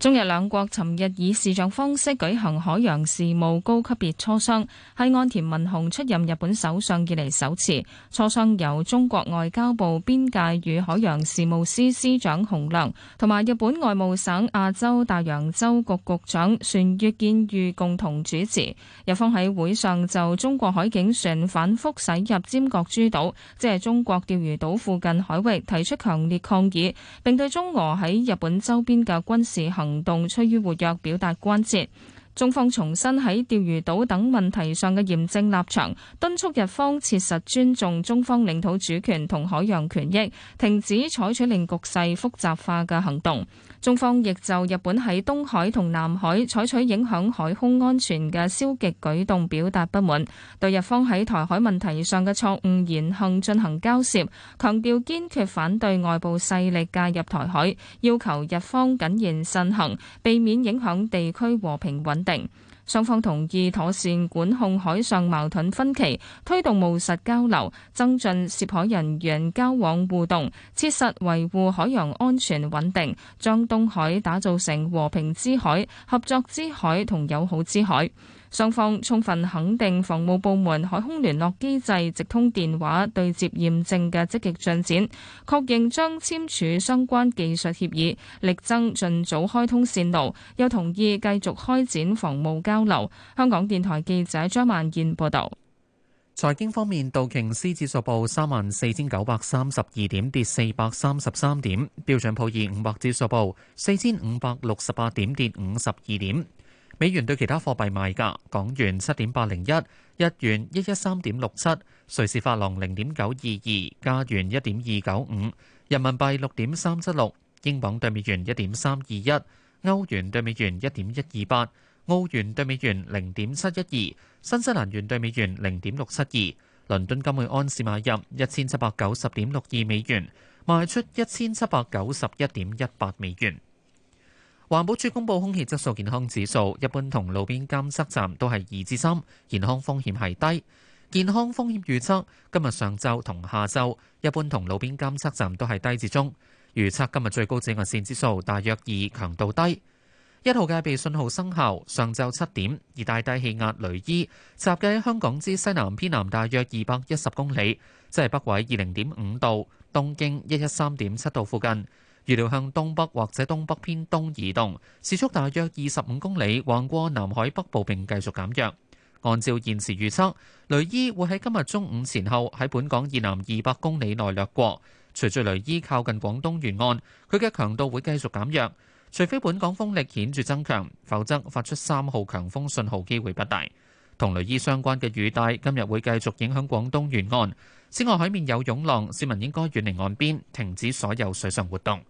中日兩國尋日以視像方式舉行海洋事務高級別磋商，係岸田文雄出任日本首相以嚟首次。磋商由中國外交部邊界與海洋事務司司長洪亮同埋日本外務省亞洲大洋洲局局長船越健裕共同主持。日方喺會上就中國海警船反覆駛入尖閣諸島，即係中國釣魚島附近海域，提出強烈抗議，並對中俄喺日本周邊嘅軍事行行動趨於活躍，表達關切。中方重申喺釣魚島等問題上嘅嚴正立場，敦促日方切實尊重中方領土主權同海洋權益，停止採取令局勢複雜化嘅行動。中方亦就日本喺東海同南海採取影響海空安全嘅消極舉動表達不滿，對日方喺台海問題上嘅錯誤言行進行交涉，強調堅決反對外部勢力介入台海，要求日方謹言慎行，避免影響地區和平穩定。雙方同意妥善管控海上矛盾分歧，推動務實交流，增進涉海人員交往互動，切實維護海洋安全穩定，將東海打造成和平之海、合作之海同友好之海。雙方充分肯定防務部門海空聯絡機制直通電話對接驗證嘅積極進展，確認將簽署相關技術協議，力爭盡早開通線路，又同意繼續開展防務交流。香港電台記者張萬燕報道。財經方面，道瓊斯指數報三萬四千九百三十二點，跌四百三十三點；標準普爾五百指數報四千五百六十八點，跌五十二點。美元對其他貨幣賣價：港元七點八零一，日元一一三點六七，瑞士法郎零點九二二，加元一點二九五，人民幣六點三七六，英鎊對美元一點三二一，歐元對美元一點一二八，澳元對美元零點七一二，新西蘭元對美元零點六七二。倫敦金每安士買入一千七百九十點六二美元，賣出一千七百九十一點一八美元。環保署公布空氣質素健康指數，一般同路邊監測站都係二至三，健康風險係低。健康風險預測今日上晝同下晝，一般同路邊監測站都係低至中。預測今日最高紫外線指數大約二，強度低。一號戒備信號生效上晝七點，熱帶低氣壓雷伊集結喺香港之西南偏南大約二百一十公里，即係北緯二零點五度，東經一一三點七度附近。預料向東北或者東北偏東移動，時速大約二十五公里，橫過南海北部並繼續減弱。按照現時預測，雷伊會喺今日中午前後喺本港以南二百公里內掠過。隨住雷伊靠近廣東沿岸，佢嘅強度會繼續減弱，除非本港風力顯著增強，否則發出三號強風信號機會不大。同雷伊相關嘅雨帶今日會繼續影響廣東沿岸。此外，海面有湧浪，市民應該遠離岸邊，停止所有水上活動。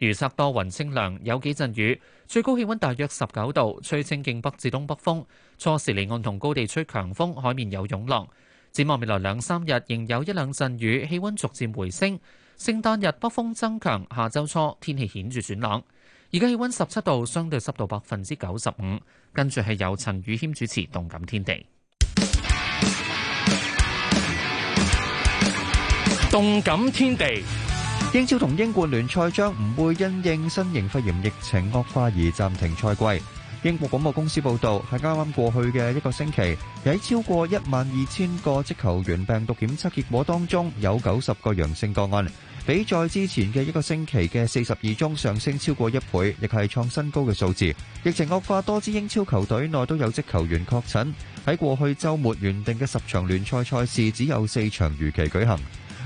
預測多雲清涼，有幾陣雨，最高氣温大約十九度，吹清勁北至東北風。初時離岸同高地吹強風，海面有湧浪。展望未來兩三日仍有一兩陣雨，氣温逐漸回升。聖誕日北風增強，下周初天氣顯著轉冷。而家氣温十七度，相對濕度百分之九十五。跟住係由陳宇謙主持《動感天地》。《動感天地》英超同英冠聯賽將唔會因應新型肺炎疫情惡化而暫停賽季。英國廣播公司報道，喺啱啱過去嘅一個星期，喺超過一萬二千個職球員病毒檢測結果當中，有九十個陽性個案。比在之前嘅一個星期嘅四十二宗上升超過一倍，亦係創新高嘅數字。疫情惡化，多支英超球隊內都有職球員確診。喺過去周末原定嘅十場聯賽賽事，只有四場如期舉行。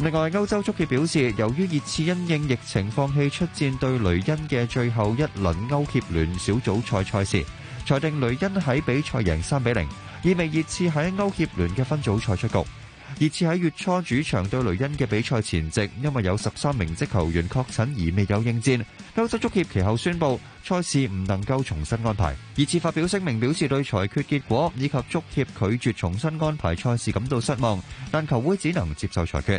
另外，歐洲足協表示，由於熱刺因應疫情放棄出戰對雷恩嘅最後一輪歐協聯小組賽賽事，裁定雷恩喺比賽贏三比零，0，意味熱刺喺歐協聯嘅分組賽出局。熱刺喺月初主場對雷恩嘅比賽前夕，因為有十三名職球員確診而未有應戰。歐洲足協其後宣布賽事唔能夠重新安排。熱刺發表聲明表示對裁決結果以及足協拒絕重新安排賽事感到失望，但球會只能接受裁決。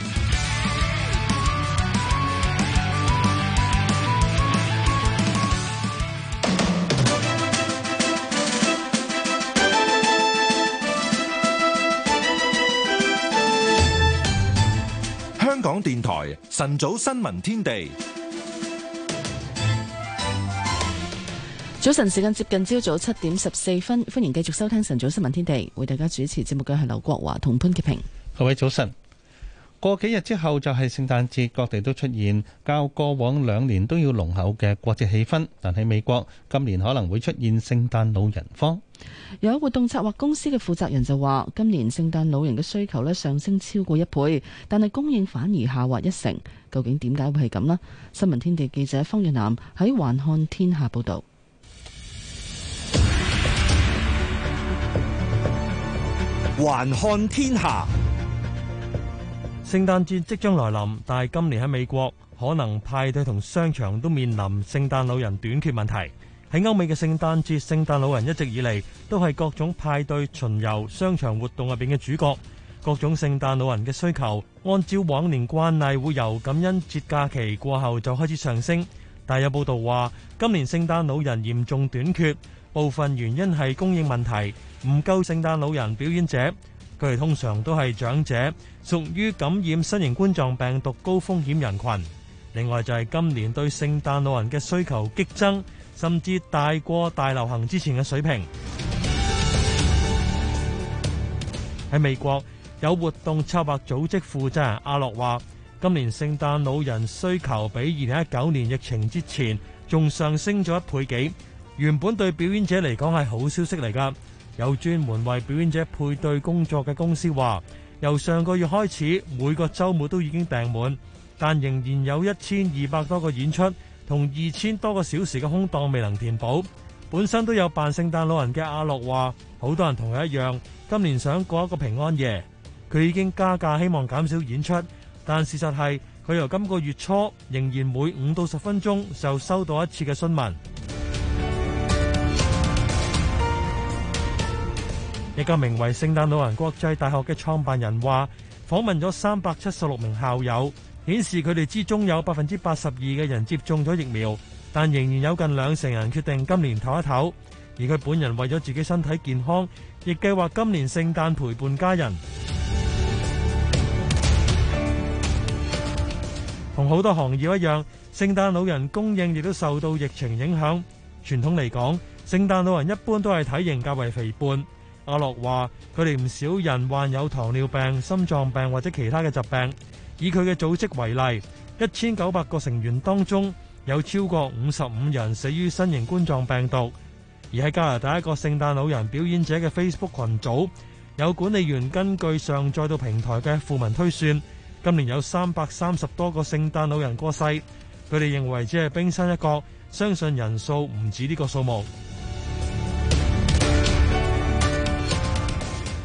電台晨早新聞天地，早晨時間接近朝早七點十四分，歡迎繼續收聽晨早新聞天地，為大家主持節目嘅係劉國華同潘潔平，各位早晨。過幾日之後就係聖誕節，各地都出現較過往兩年都要濃厚嘅過節氣氛。但喺美國，今年可能會出現聖誕老人荒。有一活動策劃公司嘅負責人就話，今年聖誕老人嘅需求呢，上升超過一倍，但係供應反而下滑一成。究竟點解會係咁呢？新聞天地記者方月南喺環看天下報道。環看天下。報聖誕節即將來臨，但係今年喺美國可能派對同商場都面臨聖誕老人短缺問題。喺歐美嘅聖誕節，聖誕老人一直以嚟都係各種派對巡遊、商場活動入邊嘅主角。各種聖誕老人嘅需求，按照往年慣例，會由感恩節假期過後就開始上升。但有報導話，今年聖誕老人嚴重短缺，部分原因係供應問題，唔夠聖誕老人表演者。佢哋通常都係長者，屬於感染新型冠狀病毒高風險人群。另外就係今年對聖誕老人嘅需求激增，甚至大過大流行之前嘅水平。喺 美國，有活動策劃組織負責人阿樂話，今年聖誕老人需求比二零一九年疫情之前仲上升咗一倍幾。原本對表演者嚟講係好消息嚟㗎。有專門為表演者配對工作嘅公司話，由上個月開始，每個周末都已經訂滿，但仍然有一千二百多個演出，同二千多個小時嘅空檔未能填補。本身都有扮聖誕老人嘅阿樂話，好多人同佢一樣，今年想過一個平安夜。佢已經加價希望減少演出，但事實係，佢由今個月初仍然每五到十分鐘就收到一次嘅詢問。一個名為聖誕老人國際大學嘅創辦人話：訪問咗三百七十六名校友，顯示佢哋之中有百分之八十二嘅人接種咗疫苗，但仍然有近兩成人決定今年唞一唞。而佢本人為咗自己身體健康，亦計劃今年聖誕陪伴家人。同好多行業一樣，聖誕老人供應亦都受到疫情影響。傳統嚟講，聖誕老人一般都係體型較為肥胖。阿洛話：佢哋唔少人患有糖尿病、心臟病或者其他嘅疾病。以佢嘅組織為例，一千九百個成員當中有超過五十五人死於新型冠狀病毒。而喺加拿大一個聖誕老人表演者嘅 Facebook 群組，有管理員根據上載到平台嘅訃聞推算，今年有三百三十多個聖誕老人過世。佢哋認為只係冰山一角，相信人數唔止呢個數目。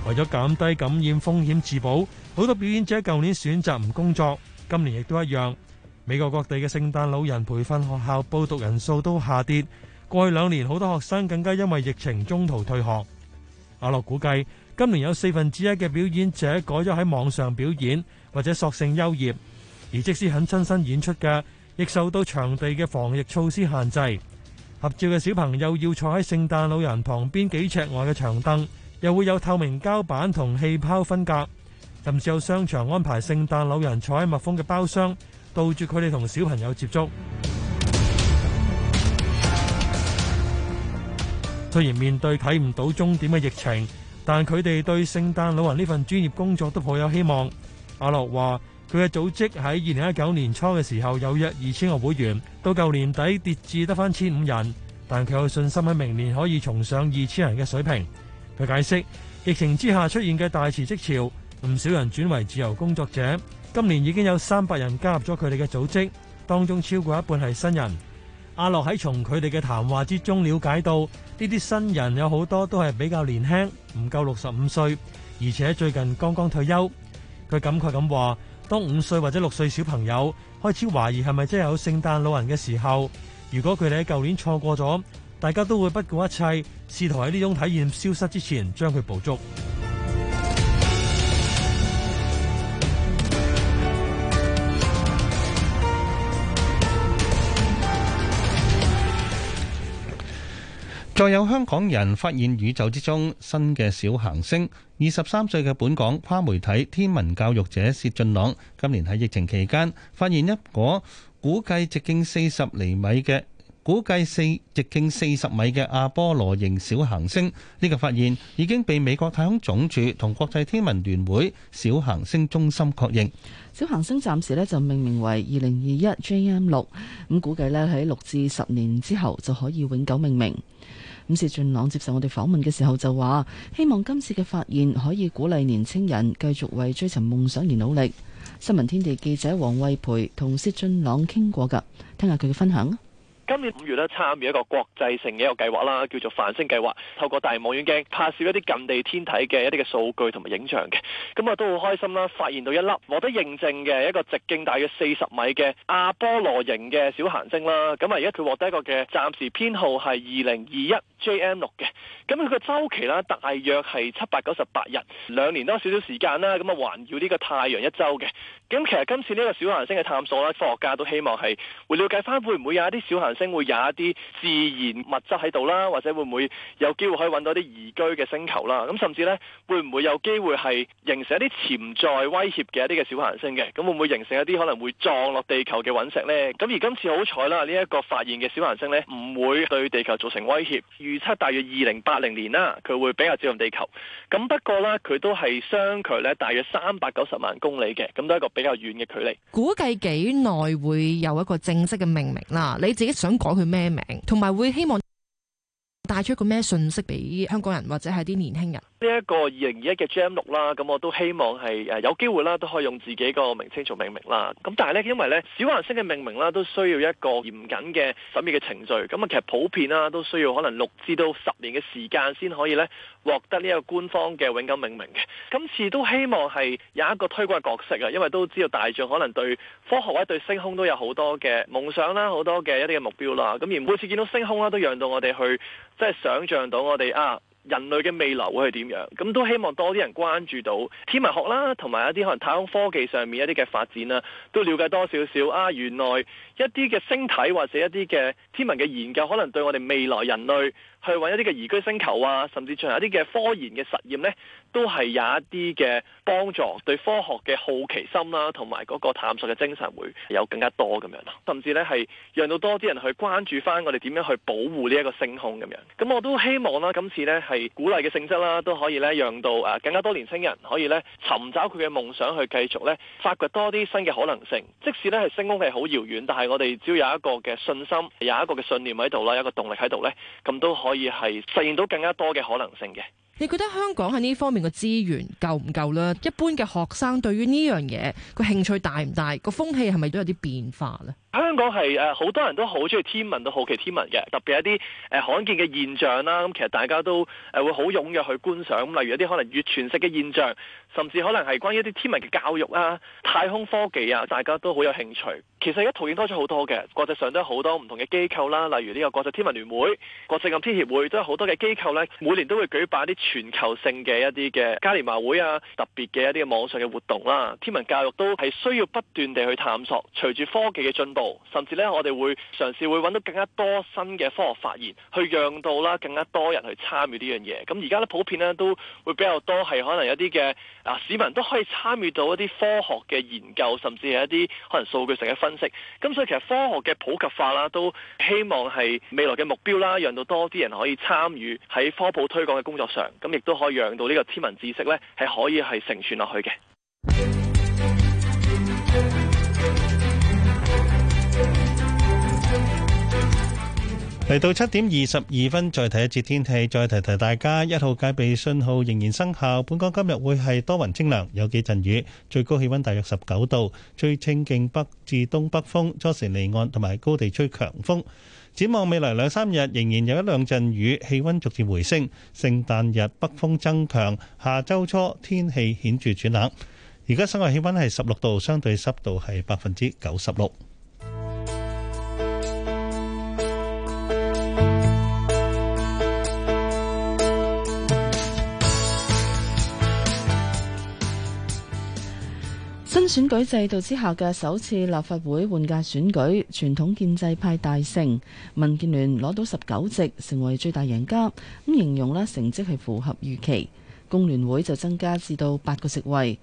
為咗減低感染風險，自保，好多表演者舊年選擇唔工作，今年亦都一樣。美國各地嘅聖誕老人培訓學校報讀人數都下跌，過去兩年好多學生更加因為疫情中途退學。阿、啊、樂估計今年有四分之一嘅表演者改咗喺網上表演或者索性休業，而即使肯親身演出嘅，亦受到場地嘅防疫措施限制。合照嘅小朋友要坐喺聖誕老人旁邊幾尺外嘅長凳。又會有透明膠板同氣泡分隔，甚至有商場安排聖誕老人坐喺密封嘅包廂，杜絕佢哋同小朋友接觸。 雖然面對睇唔到終點嘅疫情，但佢哋對聖誕老人呢份專業工作都抱有希望。阿樂話：佢嘅組織喺二零一九年初嘅時候有約二千個會員，到舊年底跌至得返千五人，但佢有信心喺明年可以重上二千人嘅水平。佢解釋，疫情之下出現嘅大辭職潮，唔少人轉為自由工作者。今年已經有三百人加入咗佢哋嘅組織，當中超過一半係新人。阿樂喺從佢哋嘅談話之中了解到，呢啲新人有好多都係比較年輕，唔夠六十五歲，而且最近剛剛退休。佢感慨咁話：「當五歲或者六歲小朋友開始懷疑係咪真係有聖誕老人嘅時候，如果佢哋喺舊年錯過咗。大家都會不顧一切，試圖喺呢種體驗消失之前將佢捕捉。再有香港人發現宇宙之中新嘅小行星。二十三歲嘅本港跨媒體天文教育者薛俊朗，今年喺疫情期間發現一個估計直徑四十厘米嘅。估計四直徑四十米嘅阿波羅型小行星呢個發現已經被美國太空總署同國際天文聯會小行星中心確認。小行星暫時呢就命名為二零二一 J M 六，咁估計呢喺六至十年之後就可以永久命名。咁薛俊朗接受我哋訪問嘅時候就話，希望今次嘅發現可以鼓勵年青人繼續為追尋夢想而努力。新聞天地記者黃慧培同薛俊朗傾過噶，聽下佢嘅分享。今年五月咧參與一個國際性嘅一個計劃啦，叫做繁星計劃，透過大望遠鏡拍攝一啲近地天體嘅一啲嘅數據同埋影像嘅，咁啊都好開心啦，發現到一粒獲得認證嘅一個直徑大約四十米嘅阿波羅型嘅小行星啦，咁啊而家佢獲得一個嘅暫時編號係二零二一 J.M. 六嘅，咁佢個周期啦，大約係七百九十八日，兩年多少少時間啦，咁啊環繞呢個太陽一周嘅。咁其實今次呢個小行星嘅探索啦，科學家都希望係會瞭解翻會唔會有一啲小行星會有一啲自然物質喺度啦，或者會唔會有機會可以揾到啲宜居嘅星球啦。咁甚至呢，會唔會有機會係形成一啲潛在威脅嘅一啲嘅小行星嘅？咁會唔會形成一啲可能會撞落地球嘅隕石呢？咁而今次好彩啦，呢、這、一個發現嘅小行星呢，唔會對地球造成威脅。預測大約二零八零年啦，佢會比較接近地球。咁不過咧，佢都係相距咧大約三百九十萬公里嘅，咁都係一個比較遠嘅距離。估計幾耐會有一個正式嘅命名啦，你自己想改佢咩名，同埋會希望帶出一個咩信息，俾香港人或者係啲年輕人？呢一個二零二一嘅 GM 六啦，咁我都希望係誒有機會啦，都可以用自己個名稱做命名啦。咁但係呢，因為呢小行星嘅命名啦，都需要一個嚴謹嘅審議嘅程序。咁啊，其實普遍啦、啊，都需要可能六至到十年嘅時間先可以呢獲得呢一個官方嘅永久命名嘅。今次都希望係有一個推廣嘅角色啊，因為都知道大眾可能對科學或者對星空都有好多嘅夢想啦，好多嘅一啲嘅目標啦。咁而每次見到星空啦，都讓到我哋去。即係想像到我哋啊人類嘅未來會係點樣？咁都希望多啲人關注到天文學啦，同埋一啲可能太空科技上面一啲嘅發展啦，啊，都了解多少少啊！原來一啲嘅星體或者一啲嘅天文嘅研究，可能對我哋未來人類。去揾一啲嘅宜居星球啊，甚至仲有一啲嘅科研嘅實驗咧，都係有一啲嘅幫助，對科學嘅好奇心啦、啊，同埋嗰個探索嘅精神會有更加多咁樣啦，甚至咧係讓到多啲人去關注翻我哋點樣去保護呢一個星空咁樣，咁我都希望啦、啊，今次咧係鼓勵嘅性質啦，都可以咧讓到誒、啊、更加多年青人可以咧尋找佢嘅夢想去，去繼續咧發掘多啲新嘅可能性。即使咧係星空係好遙遠，但係我哋只要有一個嘅信心，有一個嘅信念喺度啦，有一個動力喺度咧，咁都可以。而係實現到更加多嘅可能性嘅。你覺得香港喺呢方面嘅資源夠唔夠呢？一般嘅學生對於呢樣嘢個興趣大唔大？個風氣係咪都有啲變化呢？香港係，誒好多人都好中意天文，都好奇天文嘅，特別係一啲誒、呃、罕見嘅現象啦。咁其實大家都誒、呃、會好踴躍去觀賞。例如一啲可能月全食嘅現象，甚至可能係關於一啲天文嘅教育啊、太空科技啊，大家都好有興趣。其實而家途徑多咗好多嘅，國際上都有好多唔同嘅機構啦，例如呢個國際天文聯會、國際暗天協會，都有好多嘅機構呢，每年都會舉辦一啲全球性嘅一啲嘅嘉年華會啊，特別嘅一啲網上嘅活動啦。天文教育都係需要不斷地去探索，隨住科技嘅進步，甚至呢，我哋會嘗試會揾到更加多新嘅科學發現，去讓到啦更加多人去參與呢樣嘢。咁而家呢，普遍呢都會比較多係可能一啲嘅啊市民都可以參與到一啲科學嘅研究，甚至係一啲可能數據性嘅分析。咁、嗯、所以其實科學嘅普及化啦，都希望係未來嘅目標啦，讓到多啲人可以參與喺科普推廣嘅工作上，咁亦都可以讓到呢個天文知識呢，係可以係承傳落去嘅。嚟到七點二十二分，再睇一次天氣，再提提大家。一號戒備信號仍然生效，本港今日會係多雲清涼，有幾陣雨，最高氣温大約十九度，吹清勁北至東北風，初時離岸同埋高地吹強風。展望未來兩三日，仍然有一兩陣雨，氣温逐漸回升。聖誕日北風增強，下周初天氣顯著轉冷。而家室外氣温係十六度，相對濕度係百分之九十六。選舉制度之下嘅首次立法會換屆選舉，傳統建制派大勝，民建聯攞到十九席，成為最大贏家。咁形容咧成績係符合預期，工聯會就增加至到八個席位，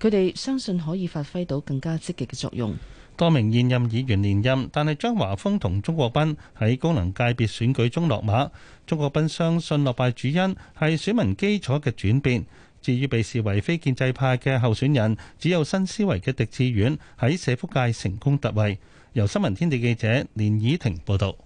佢哋相信可以發揮到更加積極嘅作用。多名現任議員連任，但係張華峰同鍾國斌喺功能界別選舉中落馬。鍾國斌相信落敗主因係選民基礎嘅轉變。至於被視為非建制派嘅候選人，只有新思維嘅狄志遠喺社福界成功突圍。由新聞天地記者連以婷報導。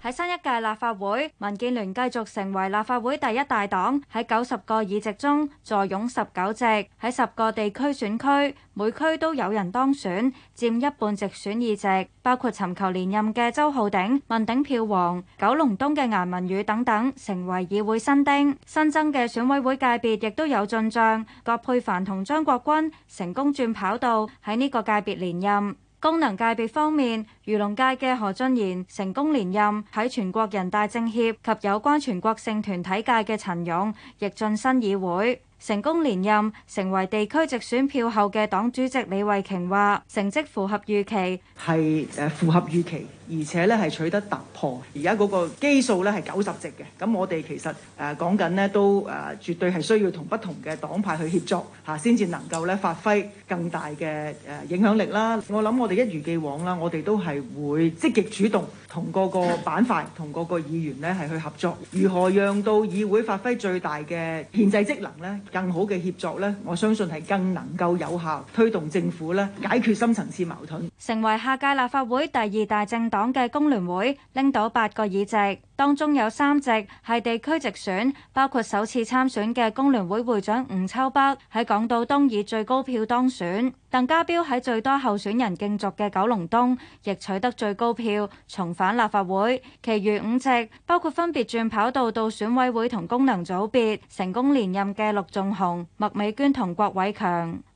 喺新一屆立法會，民建聯繼續成為立法會第一大黨，喺九十個議席中坐擁十九席。喺十個地區選區，每區都有人當選，佔一半直選議席，包括尋求連任嘅周浩鼎、問鼎票王、九龍東嘅顏汶羽等等，成為議會新丁。新增嘅選委會界別亦都有進賬，葛珮帆同張國軍成功轉跑道喺呢個界別連任。功能界別方面，漁農界嘅何俊賢成功連任，喺全國人大政協及有關全國性團體界嘅陳勇亦晉身議會，成功連任。成為地區直選票后嘅黨主席李慧瓊話成績符合預期，係符合預期，而且咧係取得突破，而家嗰個基數咧係九十席嘅。咁我哋其實誒講緊咧都誒絕對係需要同不同嘅黨派去協作嚇，先至能夠咧發揮更大嘅誒影響力啦。我諗我哋一如既往啦，我哋都係會積極主動同各個板塊、同各個議員咧係去合作。如何讓到議會發揮最大嘅憲制職能咧？更好嘅協作咧，我相信係更能夠有效推動政府咧解決深層次矛盾，成為下屆立法會第二大政黨。港嘅工聯會拎到八個議席，當中有三席係地區直選，包括首次參選嘅工聯會會長吳秋北喺港島東以最高票當選，鄧家彪喺最多候選人競逐嘅九龍東亦取得最高票，重返立法會。其餘五席包括分別轉跑道到選委會同功能組別成功連任嘅陸頌雄、麥美娟同郭偉強。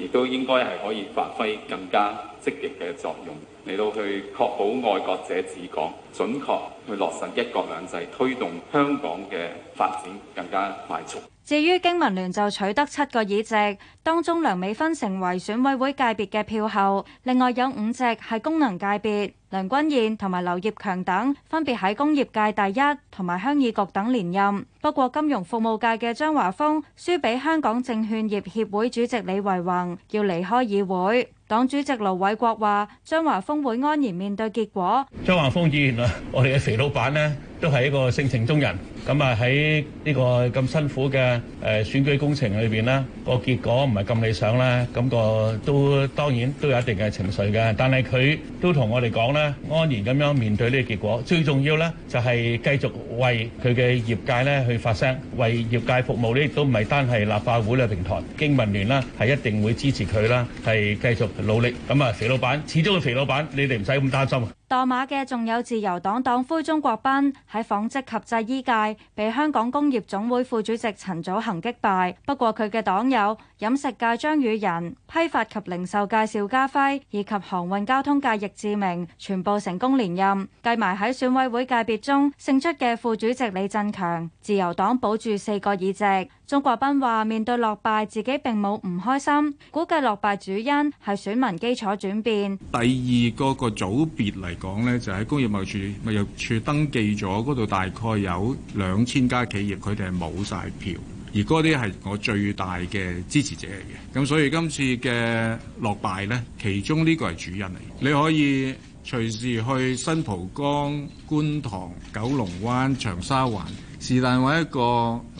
亦都應該係可以發揮更加積極嘅作用，嚟到去確保愛國者治港，準確去落實一國兩制，推動香港嘅發展更加快速。至於經民聯就取得七個議席，當中梁美芬成為選委會界別嘅票后，另外有五席係功能界別。梁君彥同埋劉業強等分別喺工業界第一同埋鄉議局等連任，不過金融服務界嘅張華峰輸俾香港證券業協會主席李維宏，要離開議會。黨主席盧偉國話：張華峰會安然面對結果。張華峰議員啊，我哋嘅肥老闆呢。都係一個性情中人，咁啊喺呢個咁辛苦嘅誒選舉工程裏邊咧，個結果唔係咁理想咧，咁個都當然都有一定嘅情緒嘅。但係佢都同我哋講咧，安然咁樣面對呢個結果。最重要咧就係繼續為佢嘅業界咧去發聲，為業界服務咧，亦都唔係單係立法會嘅平台。經民聯啦，係一定會支持佢啦，係繼續努力。咁啊，肥老闆，始終係肥老闆，你哋唔使咁擔心啊！墮馬嘅仲有自由黨黨魁鍾國斌，喺紡織及製衣界被香港工業總會副主席陳祖恆擊敗，不過佢嘅黨友。飲食界張宇人、批發及零售界邵家輝以及航運交通界易志明全部成功連任，計埋喺選委會界別中勝出嘅副主席李鎮強，自由黨保住四個議席。鍾國斌話：面對落敗，自己並冇唔開心，估計落敗主因係選民基礎轉變。第二個個組別嚟講呢就喺、是、工業貿易處貿易處登記咗，嗰度大概有兩千家企業，佢哋係冇晒票。而嗰啲係我最大嘅支持者嚟嘅，咁所以今次嘅落敗咧，其中呢個係主因嚟嘅。你可以隨時去新蒲崗、觀塘、九龍灣、長沙灣，是但搵一個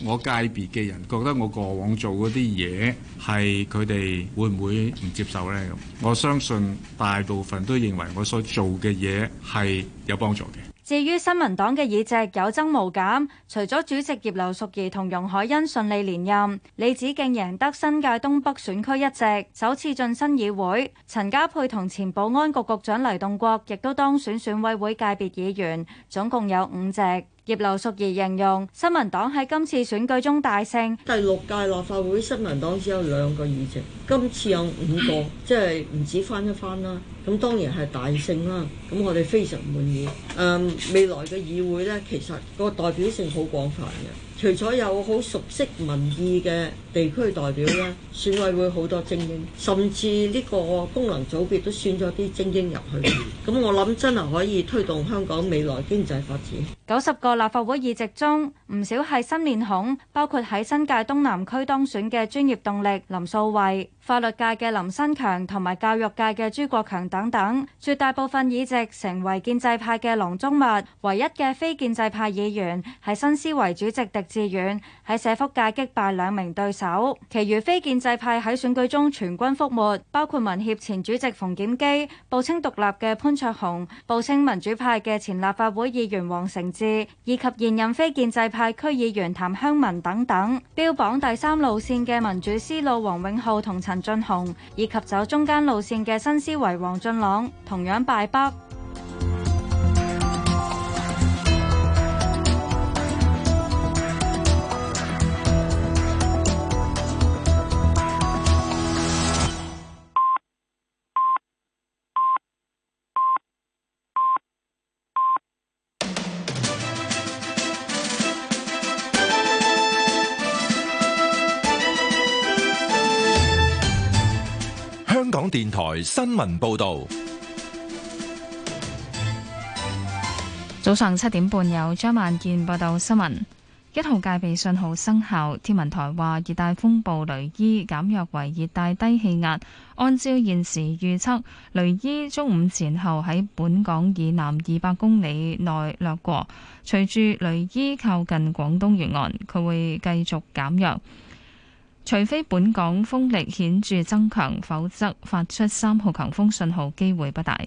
我界別嘅人，覺得我過往做嗰啲嘢係佢哋會唔會唔接受咧？咁我相信大部分都認為我所做嘅嘢係有幫助嘅。至於新民黨嘅議席有增無減，除咗主席葉劉淑儀同容海恩順利連任，李梓敬贏得新界東北選區一席，首次晉身議會，陳家珮同前保安局局長黎棟國亦都當選選委會界別議員，總共有五席。葉劉淑儀形容，新民黨喺今次選舉中大勝。第六屆立法會新民黨只有兩個議席，今次有五個， 即係唔止翻一番啦。咁當然係大勝啦。咁我哋非常滿意。誒、嗯，未來嘅議會呢，其實個代表性好廣泛嘅。除咗有好熟悉民意嘅地區代表咧，選委會好多精英，甚至呢個功能組別都選咗啲精英入去，咁我諗真係可以推動香港未來經濟發展。九十個立法會議席中，唔少係新面孔，包括喺新界東南區當選嘅專業動力林素慧。法律界嘅林新強同埋教育界嘅朱國強等等，絕大部分議席成為建制派嘅囊中物。唯一嘅非建制派議員，係新思維主席狄志遠喺社福界擊敗兩名對手。其餘非建制派喺選舉中全軍覆沒，包括民協前主席馮檢基、報稱獨立嘅潘卓雄、報稱民主派嘅前立法會議員黃成智以及現任非建制派區議員譚香文等等。標榜第三路綫嘅民主思路，黃永浩同陳陳俊雄以及走中間路線嘅新思維王俊朗同樣敗北。香港電台新聞報道，早上七點半有張萬健報道新聞。一號戒備信號生效，天文台話熱帶風暴雷伊減弱為熱帶低氣壓。按照現時預測，雷伊中午前後喺本港以南二百公里內掠過。隨住雷伊靠近廣東沿岸，佢會繼續減弱。除非本港風力顯著增強，否則發出三號強風信號機會不大。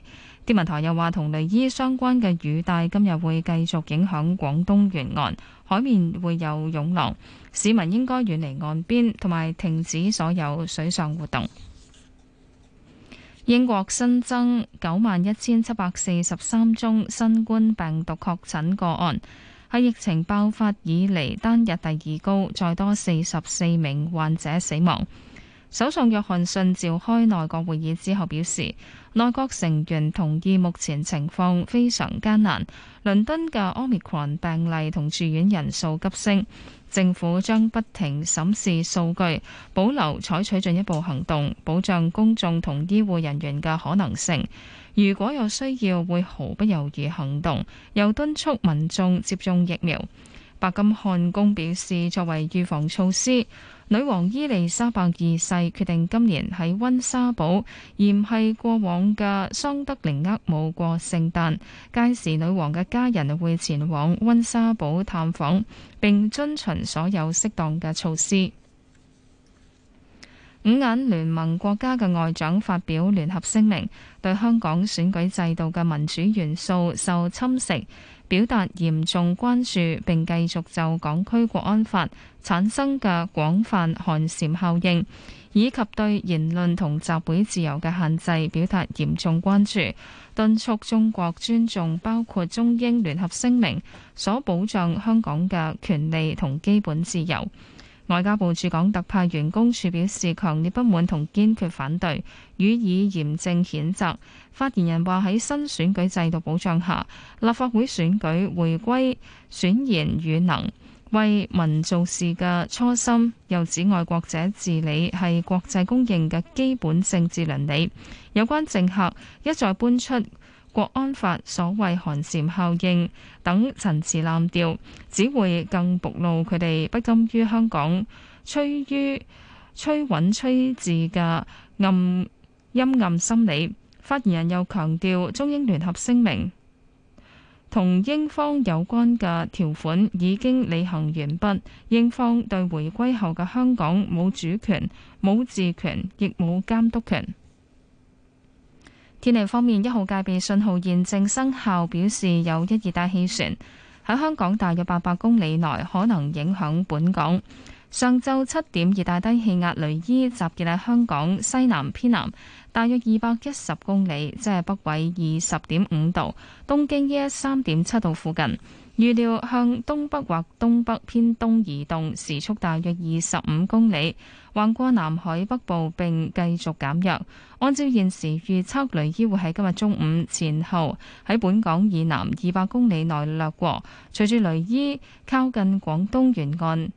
天文台又話，同雷伊相關嘅雨帶今日會繼續影響廣東沿岸，海面會有湧浪，市民應該遠離岸邊，同埋停止所有水上活動。英國新增九萬一千七百四十三宗新冠病毒確診個案。喺疫情爆發以嚟單日第二高，再多四十四名患者死亡。首相約翰遜召開內閣會議之後表示，內閣成員同意目前情況非常艱難。倫敦嘅 Omicron 病例同住院人數急升，政府將不停審視數據，保留採取進一步行動保障公眾同醫護人員嘅可能性。如果有需要，會毫不猶豫行動，又敦促民眾接種疫苗。白金漢宮表示，作為預防措施，女王伊麗莎白二世決定今年喺温莎堡，而唔係過往嘅桑德靈厄姆過聖誕。屆時，女王嘅家人會前往温莎堡探訪，並遵循所有適當嘅措施。五眼聯盟國家嘅外長發表聯合聲明，對香港選舉制度嘅民主元素受侵蝕，表達嚴重關注，並繼續就港區國安法產生嘅廣泛寒蟬效應，以及對言論同集會自由嘅限制表達嚴重關注，敦促中國尊重包括中英聯合聲明所保障香港嘅權利同基本自由。外交部駐港特派員公署表示強烈不滿同堅決反對，予以嚴正譴責。發言人話喺新選舉制度保障下，立法會選舉回歸選賢與能為民做事嘅初心，又指外國者治理係國際公認嘅基本政治倫理。有關政客一再搬出《國安法》所謂寒蟬效應等陳詞濫調，只會更暴露佢哋不甘於香港、趨於趨穩趨治嘅暗陰暗心理。發言人又強調，中英聯合聲明同英方有關嘅條款已經履行完畢，英方對回歸後嘅香港冇主權、冇治權，亦冇監督權。天氣方面，一號戒備信號現正生效，表示有一熱帶氣旋喺香港大約八百公里內可能影響本港。上晝七點，熱帶低氣壓雷伊集結喺香港西南偏南，大約二百一十公里，即係北緯二十點五度，東經一一三點七度附近。預料向東北或東北偏東移動，時速大約二十五公里，橫過南海北部並繼續減弱。按照現時預測雷伊會喺今日中午前後喺本港以南二百公里內掠過，隨住雷伊靠近廣東沿岸，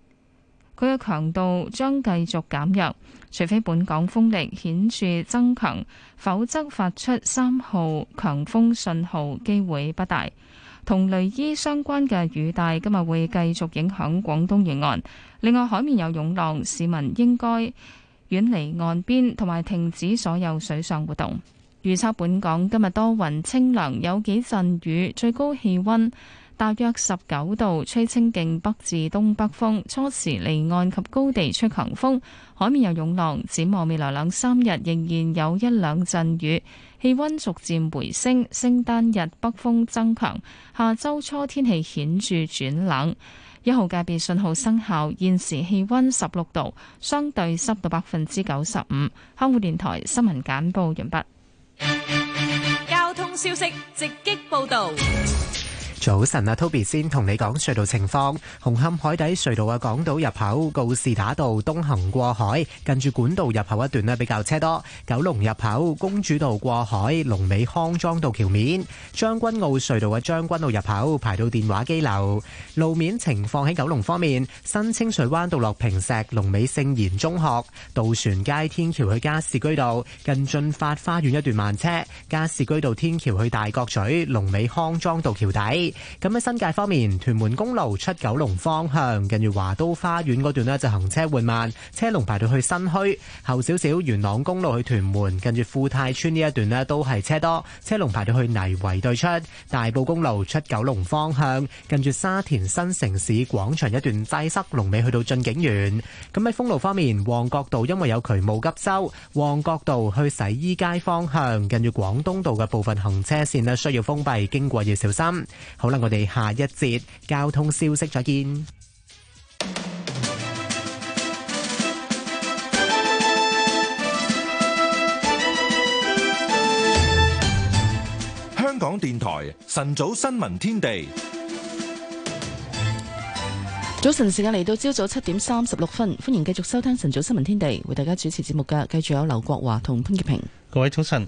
佢嘅強度將繼續減弱，除非本港風力顯著增強，否則發出三號強風信號機會不大。同雷伊相關嘅雨帶今日會繼續影響廣東沿岸，另外海面有湧浪，市民應該遠離岸邊同埋停止所有水上活動。預測本港今日多雲清涼，有幾陣雨，最高氣温大約十九度，吹清勁北至東北風，初時離岸及高地吹強風，海面有湧浪。展望未來兩三日仍然有一兩陣雨。氣溫逐漸回升，聖誕日北風增強，下周初天氣顯著轉冷。一號戒備信號生效，現時氣溫十六度，相對濕度百分之九十五。香港電台新聞簡報完畢。交通消息直擊報道。早晨啊，Toby 先同你講隧道情況。紅磡海底隧道嘅港島入口告士打道東行過海，近住管道入口一段呢，比較車多。九龍入口公主道過海，龍尾康莊道橋面。將軍澳隧道嘅將軍澳入口排到電話機樓。路面情況喺九龍方面，新清水灣道落坪石，龍尾聖言中學。渡船街天橋去加士居道，近駿發花園一段慢車。加士居道天橋去大角咀，龍尾康莊道橋底。咁喺新界方面，屯門公路出九龍方向，近住華都花園嗰段呢就行車緩慢，車龍排到去新墟。後少少元朗公路去屯門，近住富泰村呢一段呢都係車多，車龍排到去泥圍對出。大埔公路出九龍方向，近住沙田新城市廣場一段擠塞，龍尾去到駿景園。咁喺封路方面，旺角道因為有渠務急修，旺角道去洗衣街方向，近住廣東道嘅部分行車線呢需要封閉，經過要小心。好啦，我哋下一節交通消息再見。香港電台晨早新聞天地，早晨時間嚟到朝早七點三十六分，歡迎繼續收聽晨早新聞天地，為大家主持節目嘅，繼續有劉國華同潘潔平。各位早晨。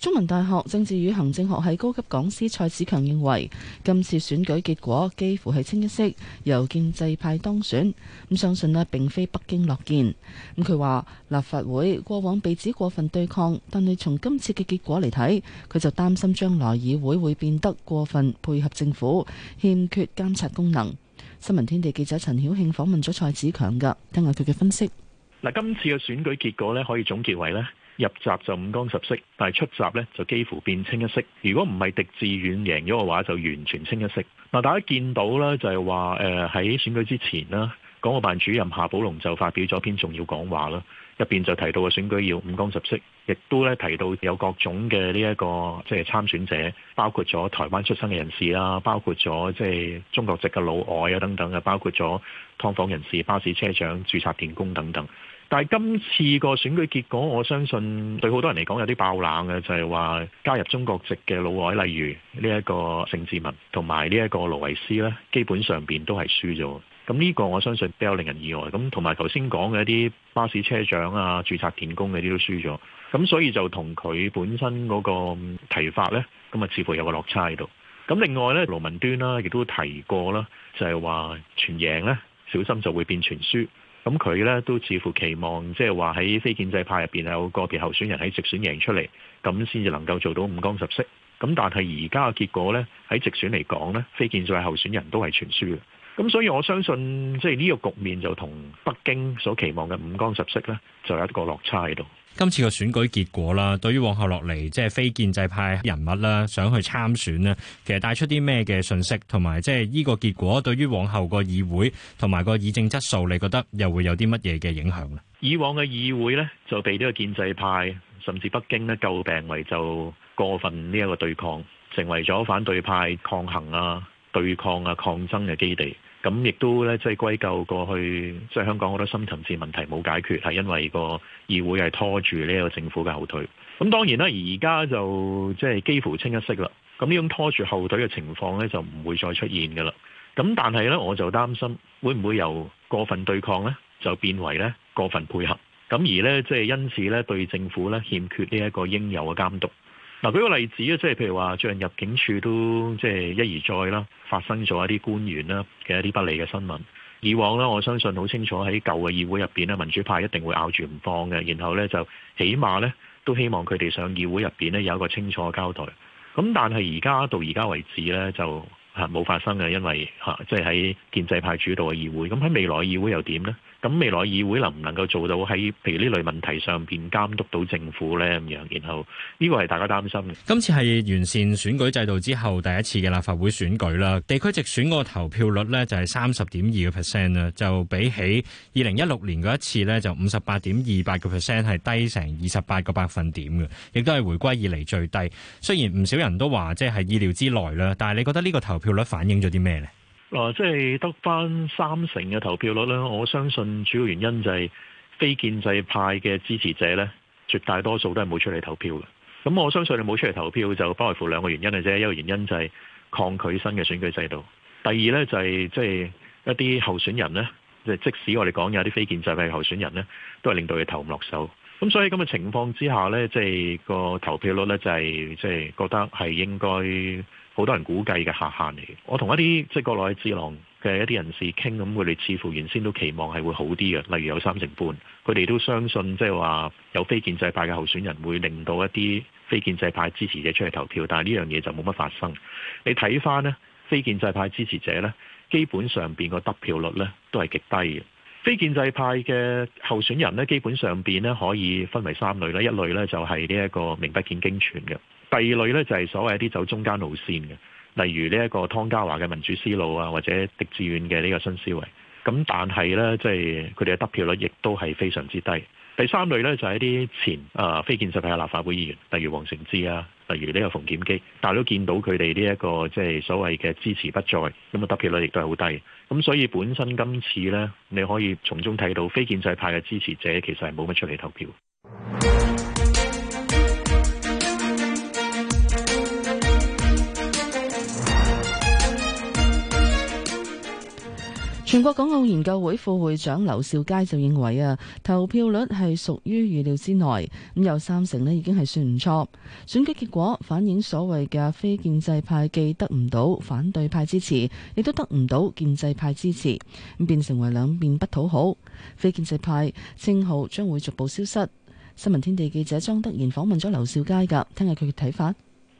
中文大學政治與行政學系高級講師蔡子強認為，今次選舉結果幾乎係清一色由建制派當選，咁相信呢並非北京樂見。咁佢話立法會過往被指過分對抗，但係從今次嘅結果嚟睇，佢就擔心將來議會會變得過分配合政府，欠缺監察功能。新聞天地記者陳曉慶訪問咗蔡子強噶，聽下佢嘅分析。嗱，今次嘅選舉結果呢，可以總結為呢。入閘就五光十色，但係出閘咧就幾乎變清一色。如果唔係狄志遠贏咗嘅話，就完全清一色。嗱，大家見到咧就係話誒喺選舉之前啦，港澳辦主任夏寶龍就發表咗篇重要講話啦，入邊就提到個選舉要五光十色，亦都咧提到有各種嘅呢一個即係參選者，包括咗台灣出生嘅人士啦，包括咗即係中國籍嘅老外啊等等嘅，包括咗劏房人士、巴士車長、註冊電工等等。但係今次個選舉結果，我相信對好多人嚟講有啲爆冷嘅，就係話加入中國籍嘅老外，例如呢一個盛智文同埋呢一個盧維思呢，基本上邊都係輸咗。咁呢個我相信比較令人意外。咁同埋頭先講嘅一啲巴士車長啊、註冊電工嗰啲都輸咗。咁所以就同佢本身嗰個提法呢，咁啊似乎有個落差喺度。咁另外呢，盧文端啦、啊、亦都提過啦，就係話全贏呢，小心就會變全輸。咁佢呢都似乎期望，即係話喺非建制派入邊有個別候選人喺直選贏出嚟，咁先至能夠做到五光十色。咁但係而家嘅結果呢，喺直選嚟講呢，非建制派候選人都係全輸嘅。咁所以我相信，即係呢個局面就同北京所期望嘅五光十色呢，就有一個落差喺度。今次嘅選舉結果啦，對於往後落嚟即係非建制派人物啦，想去參選咧，其實帶出啲咩嘅信息？同埋即係呢個結果對於往後個議會同埋個議政質素，你覺得又會有啲乜嘢嘅影響咧？以往嘅議會呢，就被呢個建制派甚至北京呢詬病為就過分呢一個對抗，成為咗反對派抗衡啊、對抗啊、抗爭嘅基地。咁亦都咧，即係歸咎過去，即係香港好多深層次問題冇解決，係因為個議會係拖住呢個政府嘅後腿。咁當然啦，而家就即係幾乎清一色啦。咁呢種拖住後腿嘅情況咧，就唔會再出現㗎啦。咁但係咧，我就擔心會唔會由過分對抗咧，就變為咧過分配合，咁而咧即係因此咧對政府咧欠缺呢一個應有嘅監督。嗱，舉個例子啊，即係譬如話，最近入境處都即係一而再啦，發生咗一啲官員啦嘅一啲不利嘅新聞。以往呢，我相信好清楚喺舊嘅議會入邊咧，民主派一定會咬住唔放嘅，然後呢，就起碼呢都希望佢哋上議會入邊呢有一個清楚嘅交代。咁但係而家到而家為止呢，就係冇發生嘅，因為嚇即係喺建制派主導嘅議會。咁喺未來議會又點呢？咁未來議會能唔能夠做到喺譬如呢類問題上邊監督到政府呢？咁樣，然後呢個係大家擔心嘅。今次係完善選舉制度之後第一次嘅立法會選舉啦，地區直選個投票率呢，就係三十點二個 percent 啦，就比起二零一六年嗰一次呢，就五十八點二八個 percent 係低成二十八個百分點嘅，亦都係回歸以嚟最低。雖然唔少人都話即係意料之內啦，但係你覺得呢個投票率反映咗啲咩呢？嗱、啊，即係得返三成嘅投票率咧，我相信主要原因就係非建制派嘅支持者咧，絕大多數都係冇出嚟投票嘅。咁我相信你冇出嚟投票就不外乎兩個原因嘅啫。一個原因就係抗拒新嘅選舉制度，第二咧就係即係一啲候選人咧，即、就、係、是、即使我哋講有啲非建制派候選人咧，都係令到佢投唔落手。咁、嗯、所以咁嘅情況之下呢，即係個投票率呢，就係即係覺得係應該好多人估計嘅下限嚟。我同一啲即係國內智囊嘅一啲人士傾，咁佢哋似乎原先都期望係會好啲嘅，例如有三成半。佢哋都相信即係話有非建制派嘅候選人會令到一啲非建制派支持者出嚟投票，但係呢樣嘢就冇乜發生。你睇翻呢，非建制派支持者呢，基本上邊個得票率呢，都係極低嘅。非建制派嘅候選人咧，基本上邊咧可以分為三類咧。一類咧就係呢一個名不見經傳嘅；第二類咧就係所謂啲走中間路線嘅，例如呢一個湯家驊嘅民主思路啊，或者狄志遠嘅呢個新思維。咁但係咧，即係佢哋嘅得票率亦都係非常之低。第三類咧就係一啲前啊非建制派嘅立法會議員，例如黃成智啊，例如呢個馮檢基，大家都見到佢哋呢一個即係所謂嘅支持不在，咁啊得票率亦都係好低。咁所以本身今次呢，你可以從中睇到非建制派嘅支持者其實係冇乜出嚟投票。全國港澳研究會副會長劉兆佳就認為啊，投票率係屬於預料之內，咁有三成咧已經係算唔錯。選舉結果反映所謂嘅非建制派既得唔到反對派支持，亦都得唔到建制派支持，咁變成為兩面不討好。非建制派稱號將會逐步消失。新聞天地記者莊德賢訪問咗劉兆佳噶，聽下佢嘅睇法。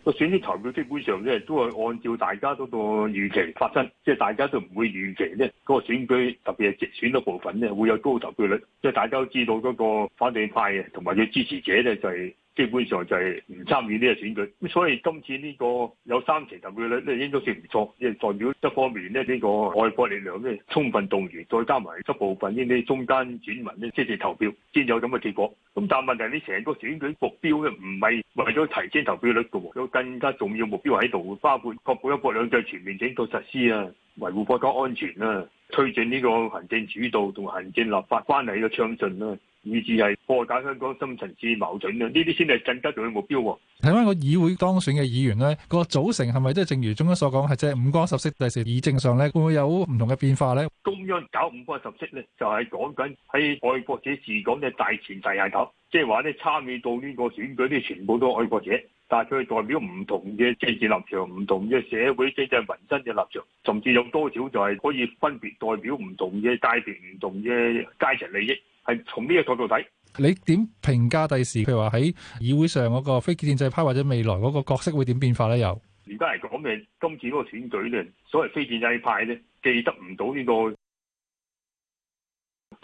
個選舉投票基本上咧，都係按照大家嗰個預期發生，即係大家都唔會預期咧，個選舉特別係直選嗰部分咧，會有高投票率，即係大家都知道嗰個反對派嘅同埋要支持者咧就係。基本上就係唔參與呢個選舉，所以今次呢個有三成投票率都應該算唔錯，即係代表一方面咧呢個愛國力量咧充分動員，再加埋一部分呢啲中間選民呢，積極投票，先有咁嘅結果。咁但係問題係你成個選舉目標咧，唔係為咗提升投票率嘅喎，有更加重要目標喺度，包括確保一國兩制全面整個實施啊，維護國家安全啦，推進呢個行政主導同行政立法關係嘅暢順啦。以至係破解香港深層次矛盾啊！呢啲先係更加重要目標。睇翻個議會當選嘅議員咧，個組成係咪即係正如中央所講係即係五光十色？第時議政上咧，會唔會有唔同嘅變化咧？中央搞五光十色咧，就係講緊喺愛國者治港嘅大前提下頭，即係話咧參與到呢個選舉啲全部都愛國者，但係佢代表唔同嘅政治立場、唔同嘅社會政治、就是、民生嘅立場，甚至有多少就係可以分別代表唔同嘅階段、唔同嘅階層利益。係從呢個角度睇，你點評價第時？譬如話喺議會上嗰個非建制派或者未來嗰個角色會點變化咧？又而家嚟講嘅今次嗰個選舉咧，所謂非建制派咧，既得唔到呢個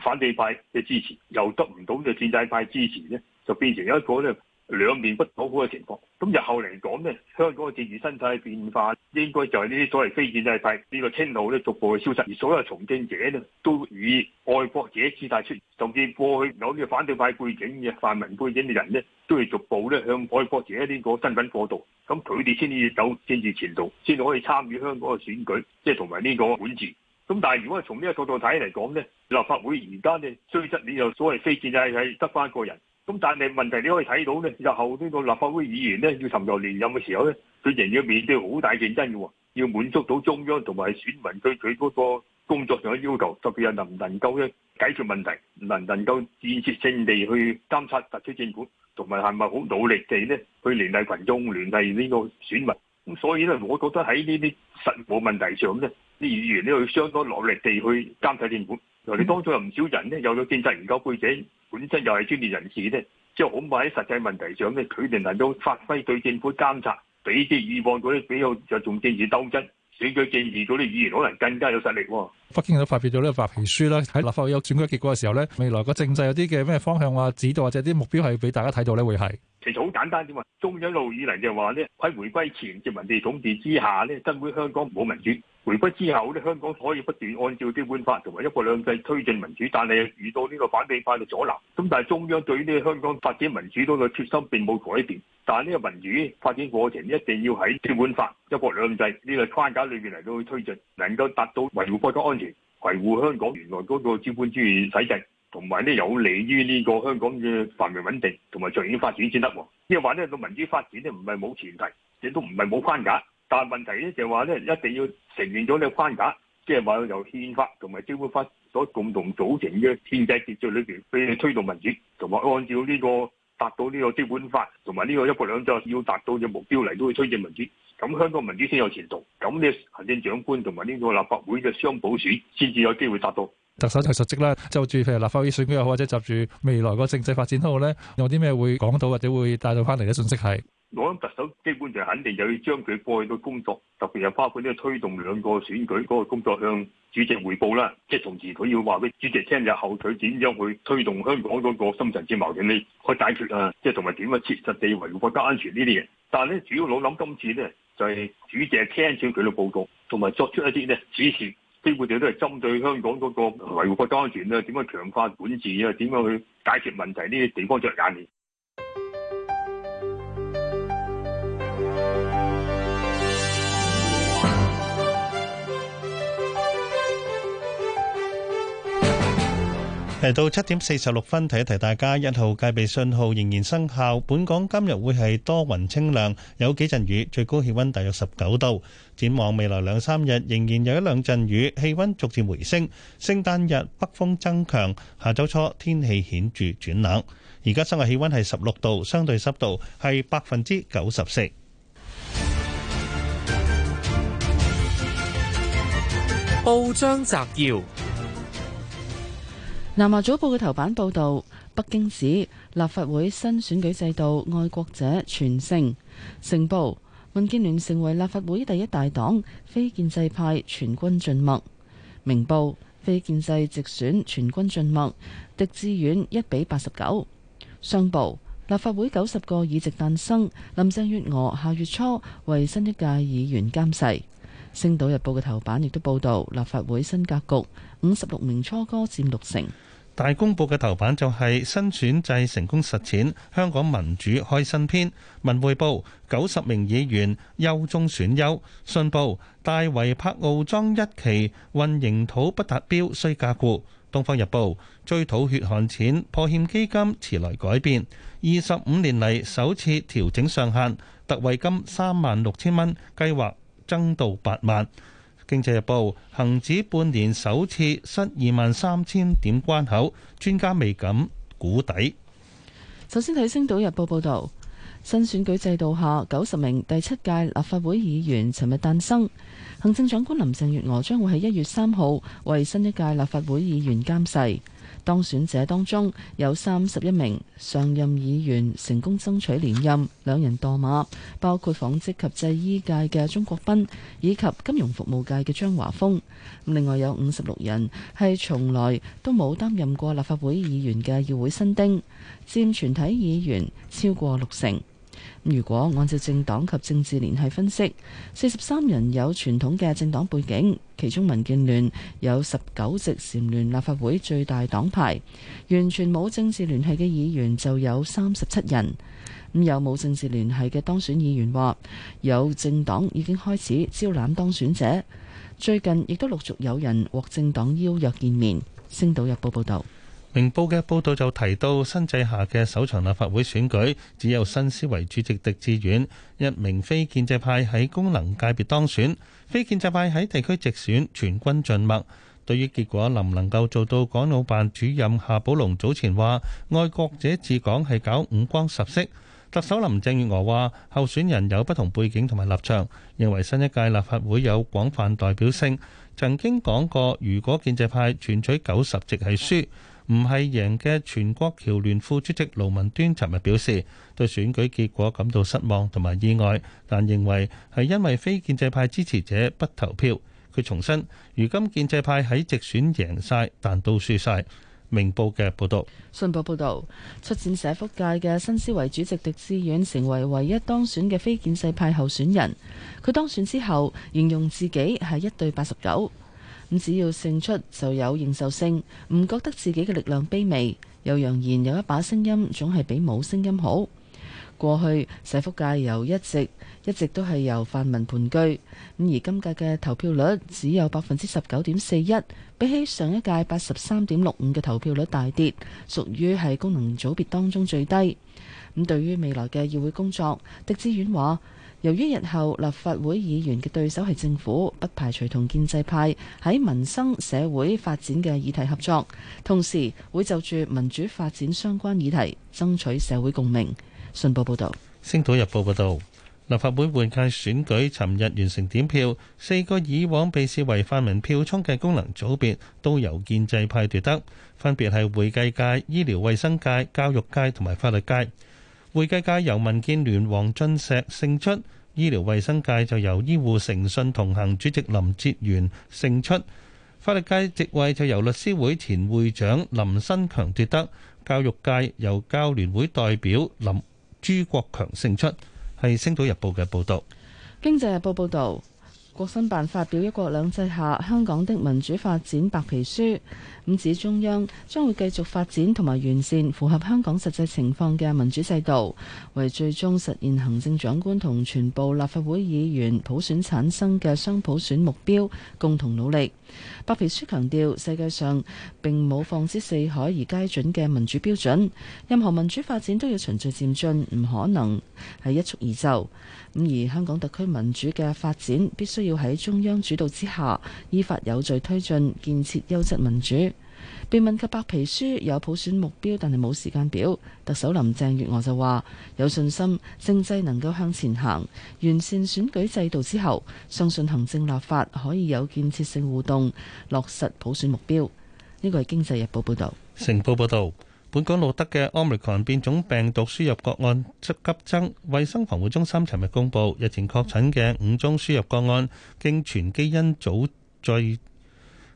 反對派嘅支持，又得唔到嘅建制派支持咧，就變成一個咧。兩面不討好嘅情況，咁就後嚟講呢，香港嘅政治生態變化應該就係呢啲所謂非建制派、這個、呢個青老咧逐步嘅消失，而所有從政者呢都以愛國者姿態出現，甚至過去有啲反對派背景嘅泛民背景嘅人呢，都係逐步咧向愛國者呢個身份過渡，咁佢哋先至走政治前途，先至可以參與香港嘅選舉，即係同埋呢個管治。咁但係如果係從呢一個角度睇嚟講呢，立法會而家呢，雖則你有所謂非建制係得翻一個人。咁但係問題，你可以睇到呢，日後呢個立法會議員呢，要尋求連任嘅時候呢，佢仍然要面對好大競爭嘅，要滿足到中央同埋選民對佢嗰個工作上嘅要求，特別係能唔能夠呢解決問題，能唔能夠建設性地去監察特區政府，同埋係咪好努力地呢去聯繫群眾、聯繫呢個選民？咁所以呢，我覺得喺呢啲實務問題上呢，啲議員呢，要相當落力地去監察政府。尤其當中有唔少人呢，有咗政策研究背景。本身又係專業人士啫，即係恐怕喺實際問題上咧，佢哋能夠發揮對政府監察比啲以往嗰啲比較就仲政治鬥爭，選舉建議嗰啲語言可能更加有實力，哦。北京都發表咗呢個白皮書啦，喺立法會有選舉結果嘅時候咧，未來個政制有啲嘅咩方向話指導或者啲目標係俾大家睇到咧，會係其實好簡單點啊！中央一路以嚟就話咧，喺回歸前殖民地統治之下咧，根本香港冇民主；回歸之後咧，香港可以不斷按照基本法同埋一國兩制推進民主，但係遇到呢個反對派嘅阻撓。咁但係中央對呢個香港發展民主嗰個決心並冇改變。但係呢個民主發展過程一定要喺基本法、一國兩制呢個框架裏邊嚟到去推進，能夠達到維護國家維護香港原來嗰個資本主義體制，同埋咧有利於呢個香港嘅繁榮穩定同埋長遠發展先得。即係話咧個民主發展咧唔係冇前提，亦都唔係冇框架。但係問題咧就係話咧一定要承認咗呢個框架，即係話由憲法同埋基本法所共同組成嘅憲制秩序裏邊去推動民主，同埋按照呢個達到呢個基本法同埋呢個一國兩制要達到嘅目標嚟到去推進民主。咁香港民主先有前途，咁呢行政長官同埋呢個立法會嘅雙保險先至有機會達到。特首就述職啦，就住譬如立法會選舉又好或者就住未來個政制發展都好咧，有啲咩會講到或者會帶到翻嚟嘅信息係。我諗特首基本就肯定就要將佢過去嘅工作，特別係包括呢個推動兩個選舉嗰個工作向主席彙報啦，即係同時佢要話俾主席聽，日後佢點樣去推動香港嗰個深層次矛盾你去解決啊，即係同埋點樣切實地維護國家安全呢啲嘢。但係咧，主要我諗今次咧。就係主席聽取佢哋報告，同埋作出一啲呢指示，基本上都係針對香港嗰個維護國家安全咧，點樣強化管治啊，點樣去解決問題呢啲地方着眼。嚟到七點四十六分，提一提大家，一號戒備信號仍然生效。本港今日會係多雲清涼，有幾陣雨，最高氣温大約十九度。展望未來兩三日，仍然有一兩陣雨，氣温逐漸回升。聖誕日北風增強，下週初天氣顯著轉冷。而家室外氣温係十六度，相對濕度係百分之九十四。報章摘要。南華早報嘅頭版報道：北京指立法會新選舉制度愛國者全勝。成報民建聯成為立法會第一大黨，非建制派全軍盡墨。明報非建制直選全軍盡墨，狄志遠一比八十九。商報立法會九十個議席誕生，林鄭月娥下月初為新一屆議員監誓。《星島日報》嘅頭版亦都報道立法會新格局，五十六名初哥佔六成。《大公報》嘅頭版就係新選制成功實踐，香港民主開新篇。文匯《文匯報》九十名議員優中選優。《信報》大圍柏奧莊一期運營土不達標，需加固。《東方日報》追討血汗錢，破欠基金遲來改變，二十五年嚟首次調整上限，特惠金三萬六千蚊計劃。增到八萬。經濟日報，恆指半年首次失二萬三千點關口，專家未敢估底。首先睇星島日報報導，新選舉制度下九十名第七屆立法會議員尋日誕生，行政長官林鄭月娥將會喺一月三號為新一屆立法會議員監誓。當選者當中有三十一名上任議員成功爭取連任，兩人墮馬，包括紡織及製衣界嘅鍾國斌以及金融服務界嘅張華峰。另外有五十六人係從來都冇擔任過立法會議員嘅議會新丁，佔全體議員超過六成。如果按照政黨及政治聯繫分析，四十三人有傳統嘅政黨背景，其中民建聯有十九席蟬聯立法會最大黨派。完全冇政治聯繫嘅議員就有三十七人。咁有冇政治聯繫嘅當選議員話，有政黨已經開始招攬當選者，最近亦都陸續有人獲政黨邀約見面。星島日報報道。明報嘅報道就提到，新制下嘅首場立法會選舉，只有新思維主席狄志遠一名非建制派喺功能界別當選，非建制派喺地區直選全軍盡墨。對於結果，能唔能夠做到港澳辦主任夏寶龍早前話，愛國者治港係搞五光十色。特首林鄭月娥話，候選人有不同背景同埋立場，認為新一屆立法會有廣泛代表性。曾經講過，如果建制派全取九十席係輸。唔係贏嘅。全國僑聯副主席盧文端尋日表示，對選舉結果感到失望同埋意外，但認為係因為非建制派支持者不投票。佢重申，如今建制派喺直選贏晒，但都輸晒。明報嘅報導，信報報道，出戰社福界嘅新思維主席狄志遠成為唯一當選嘅非建制派候選人。佢當選之後，形容自己係一對八十九。只要勝出就有認受性，唔覺得自己嘅力量卑微，又揚言有一把聲音總係比冇聲音好。過去社福界由一直一直都係由泛民盤踞，咁而今屆嘅投票率只有百分之十九點四一，比起上一屆八十三點六五嘅投票率大跌，屬於係功能組別當中最低。咁對於未來嘅議會工作，狄志遠話，由於日後立法會議員嘅對手係政府，不排除同建制派喺民生社會發展嘅議題合作，同時會就住民主發展相關議題爭取社會共鳴。信報報道，《星島日報》報道，立法會換屆選舉尋日完成點票，四個以往被視為泛民票倉嘅功能組別都由建制派奪得，分別係會計界、醫療衛生界、教育界同埋法律界。會計界由民建聯黃俊碩勝出，醫療衛生界就由醫護誠信同行主席林哲元勝出，法律界席位就由律師會前會長林新強奪得，教育界由教聯會代表林朱國強勝出，係《星島日報》嘅報道，《經濟日報》報道，國新辦發表《一國兩制下香港的民主發展白皮書》。五指中央將會繼續發展同埋完善符合香港實際情況嘅民主制度，為最終實現行政長官同全部立法會議員普選產生嘅雙普選目標，共同努力。白皮書強調，世界上並冇放之四海而皆準嘅民主標準，任何民主發展都要循序漸進，唔可能係一蹴而就。咁而香港特區民主嘅發展必須要喺中央主導之下，依法有序推進，建設優質民主。被問及白皮書有普選目標，但係冇時間表，特首林鄭月娥就話：有信心政制能夠向前行，完善選舉制度之後，相信行政立法可以有建設性互動，落實普選目標。呢個係《經濟日報》報導，《成報》報導，本港錄得嘅奧密克戎變種病毒輸入個案急急增，衞生防護中心尋日公布，日前確診嘅五宗輸入個案經全基因組序。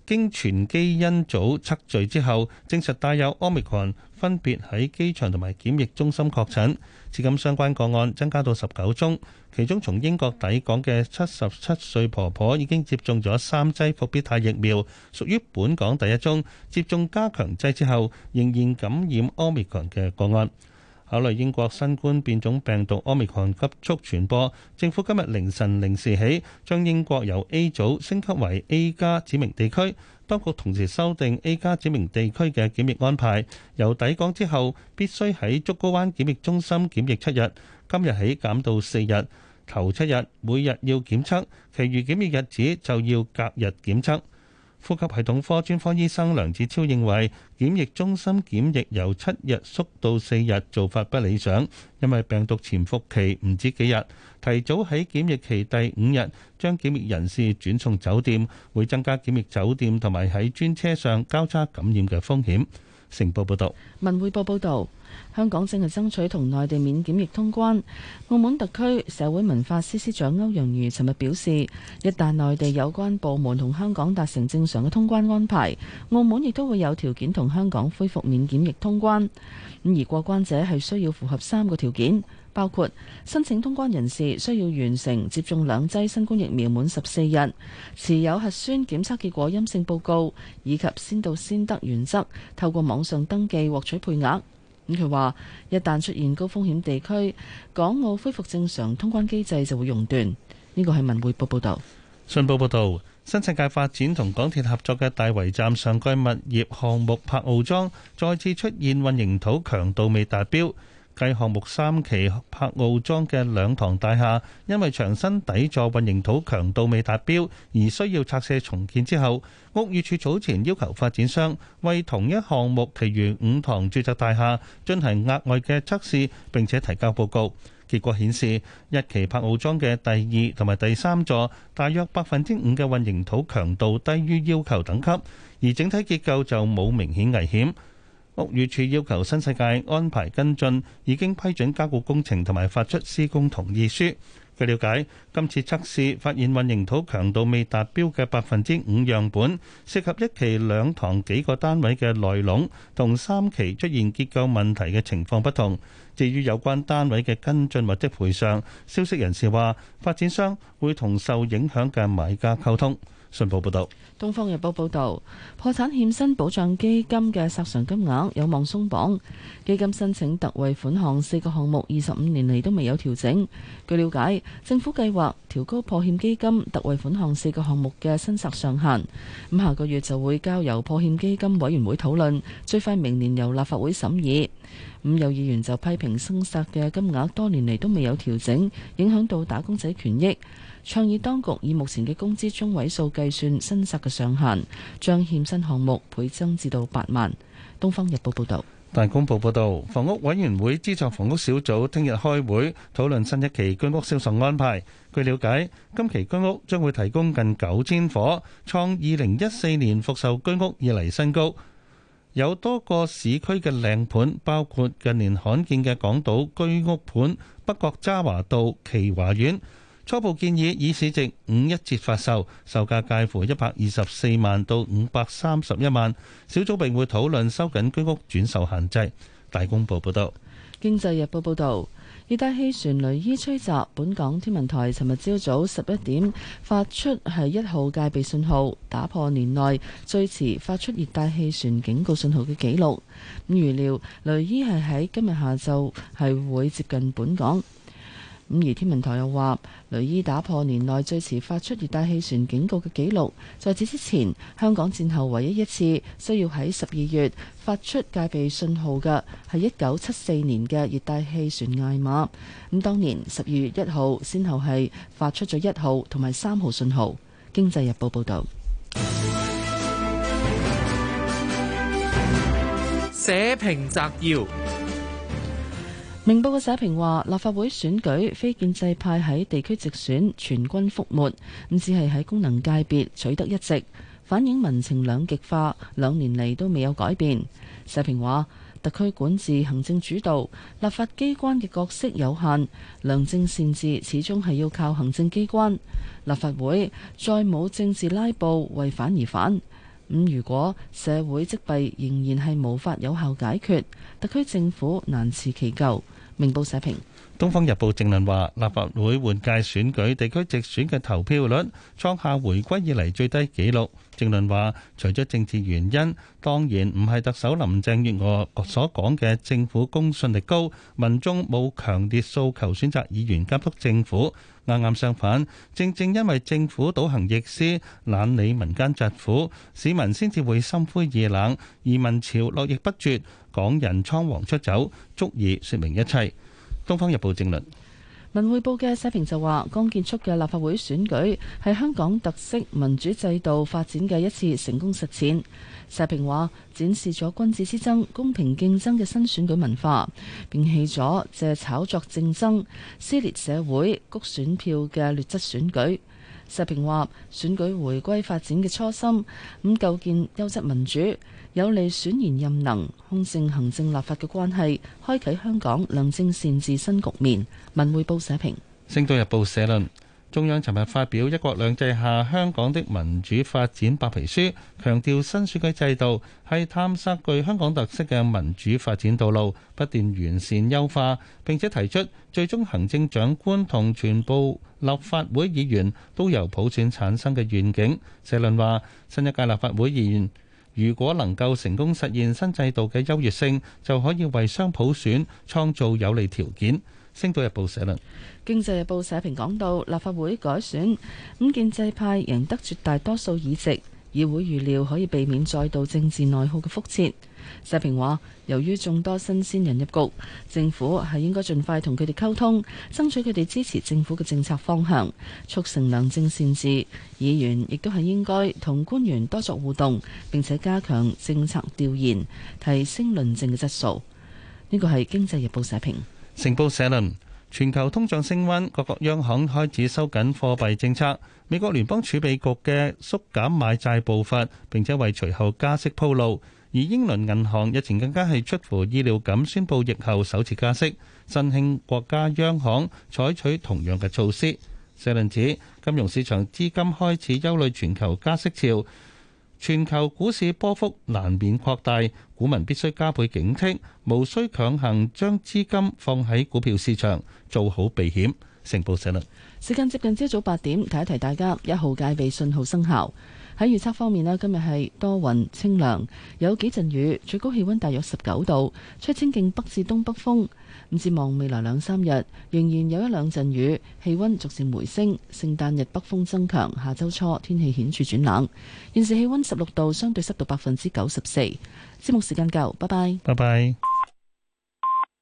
經全基因組測序之後，證實帶有 omicron，分別喺機場同埋檢疫中心確診。至今相關個案增加到十九宗，其中從英國抵港嘅七十七歲婆婆已經接種咗三劑復必泰疫苗，屬於本港第一宗接種加強劑之後仍然感染 omicron 嘅個案。考慮英國新冠變種病毒 Omicron 急速傳播，政府今日凌晨零時起將英國由 A 組升級為 A 加指明地區。當局同時修訂 A 加指明地區嘅檢疫安排，由抵港之後必須喺竹篙灣檢疫中心檢疫七日，今日起減到四日。頭七日每日要檢測，其餘檢疫日子就要隔日檢測。呼吸系統科專科醫生梁子超認為，檢疫中心檢疫由七日縮到四日做法不理想，因為病毒潛伏期唔止幾日，提早喺檢疫期第五日將檢疫人士轉送酒店，會增加檢疫酒店同埋喺專車上交叉感染嘅風險。成報報道，文匯報報道，香港正係爭取同內地免檢疫通關。澳門特區社會文化司司長歐陽瑜尋日表示，一旦內地有關部門同香港達成正常嘅通關安排，澳門亦都會有條件同香港恢復免檢疫通關。咁而過關者係需要符合三個條件。包括申請通關人士需要完成接種兩劑新冠疫苗滿十四日，持有核酸檢測結果陰性報告，以及先到先得原則，透過網上登記獲取配額。咁佢話：一旦出現高風險地區，港澳恢復正常通關機制就會熔斷。呢個係文匯報報導。信報報導，新世界發展同港鐵合作嘅大圍站上蓋物業項目柏傲莊再次出現混凝土強度未達標。繼項目三期柏傲莊嘅兩堂大廈，因為牆身底座混凝土強度未達標，而需要拆卸重建之後，屋宇署早前要求發展商為同一項目其餘五堂住宅大廈進行額外嘅測試，並且提交報告。結果顯示，一期柏傲莊嘅第二同埋第三座，大約百分之五嘅混凝土強度低於要求等級，而整體結構就冇明顯危險。屋宇署要求新世界安排跟進，已經批准加固工程同埋發出施工同意書。據了解，今次測試發現混凝土強度未達標嘅百分之五樣本，涉及一期兩堂幾個單位嘅內籠，同三期出現結構問題嘅情況不同。至於有關單位嘅跟進或者賠償，消息人士話發展商會同受影響嘅買家溝通。信報報道，東方日報報道，破產欠薪保障基金嘅索償金額有望鬆綁，基金申請特惠款項四個項目二十五年嚟都未有調整。據了解，政府計劃調高破欠基金特惠款項四個項目嘅申索上限，咁下個月就會交由破欠基金委員會討論，最快明年由立法會審議。咁有議員就批評申索嘅金額多年嚟都未有調整，影響到打工者權益。倡議當局以目前嘅工資中位數計算新紮嘅上限，將欠薪項目倍增至到八萬。《東方日報》報道，大公報報道，房屋委員會資助房屋小組聽日開會討論新一期居屋銷售安排。據了解，今期居屋將會提供近九千伙，創二零一四年復售居屋以嚟新高。有多個市區嘅靚盤，包括近年罕見嘅港島居屋盤北角渣華道奇華苑。初步建議以市值五一折發售，售價介乎一百二十四萬到五百三十一萬。小組並會討論收緊居屋轉售限制。大公報報道。《經濟日報》報道，報道熱帶氣旋雷伊吹襲本港天文台，尋日朝早十一點發出係一號戒備信號，打破年內最遲發出熱帶氣旋警告信號嘅記錄。咁預料雷伊係喺今日下晝係會接近本港。咁而天文台又話，雷伊打破年內最遲發出熱帶氣旋警告嘅紀錄。在此之前，香港戰後唯一一次需要喺十二月發出戒備信號嘅，係一九七四年嘅熱帶氣旋艾瑪。咁當年十二月一號先後係發出咗一號同埋三號信號。經濟日報報道。社評摘要。明報嘅社評話：立法會選舉非建制派喺地區直選全軍覆沒，咁只係喺功能界別取得一席，反映民情兩極化，兩年嚟都未有改變。社評話：特區管治行政主導，立法機關嘅角色有限，良政善治始終係要靠行政機關。立法會再冇政治拉布，為反而反。咁如果社會積弊仍然係無法有效解決，特區政府難辭其咎。明報社評。《東方日報》正論話，立法會換屆選舉地區直選嘅投票率創下回歸以嚟最低紀錄。正論話，除咗政治原因，當然唔係特首林鄭月娥所講嘅政府公信力高，民眾冇強烈訴求選擇議員監督政府。啱啱相反，正正因為政府倒行逆施，懶理民間疾苦，市民先至會心灰意冷，移民潮絡繹不絕，港人倉皇出走，足以說明一切。《東方日報》政論，《文匯報》嘅石平就話：剛結束嘅立法會選舉係香港特色民主制度發展嘅一次成功實踐。石平話：展示咗君子之爭、公平競爭嘅新選舉文化，摒棄咗借炒作競爭、撕裂社會、谷選票嘅劣質選舉。石平話：選舉回歸發展嘅初心，咁構建優質民主。有利選賢任能、空政行政立法嘅關係，開啟香港良政善治新局面。文匯報社評，《星島日報》社論：中央尋日發表《一國兩制下香港的民主發展白皮書》，強調新選舉制度係探索具香港特色嘅民主發展道路，不斷完善優化。並且提出最終行政長官同全部立法會議員都由普選產生嘅願景。社論話：新一屆立法會議員。如果能夠成功實現新制度嘅優越性，就可以為雙普選創造有利條件。星島日報社論，經濟日報社評講到，立法會改選，咁建制派贏得絕大多數議席，議會預料可以避免再度政治內耗嘅覆轍。社評話，由於眾多新鮮人入局，政府係應該盡快同佢哋溝通，爭取佢哋支持政府嘅政策方向，促成良政善治。議員亦都係應該同官員多作互動，並且加強政策調研，提升論證嘅質素。呢個係《經濟日報》社評。成報社論：全球通脹升温，各國央行開始收緊貨幣政策。美國聯邦儲備局嘅縮減買債步伐，並且為隨後加息鋪路。而英倫銀行日前更加係出乎意料咁宣布疫後首次加息，新興國家央行採取同樣嘅措施。社論指，金融市場資金開始憂慮全球加息潮，全球股市波幅難免擴大，股民必須加倍警惕，無需強行將資金放喺股票市場，做好避險。成報社論。時間接近朝早八點，提一提大家一號戒備信號生效。喺預測方面咧，今日係多雲清涼，有幾陣雨，最高氣温大約十九度，吹清勁北至東北風。咁展望未來兩三日，仍然有一兩陣雨，氣温逐漸回升。聖誕日北風增強，下周初天氣顯著轉冷。現時氣温十六度，相對濕度百分之九十四。節目時間夠，拜拜。拜拜。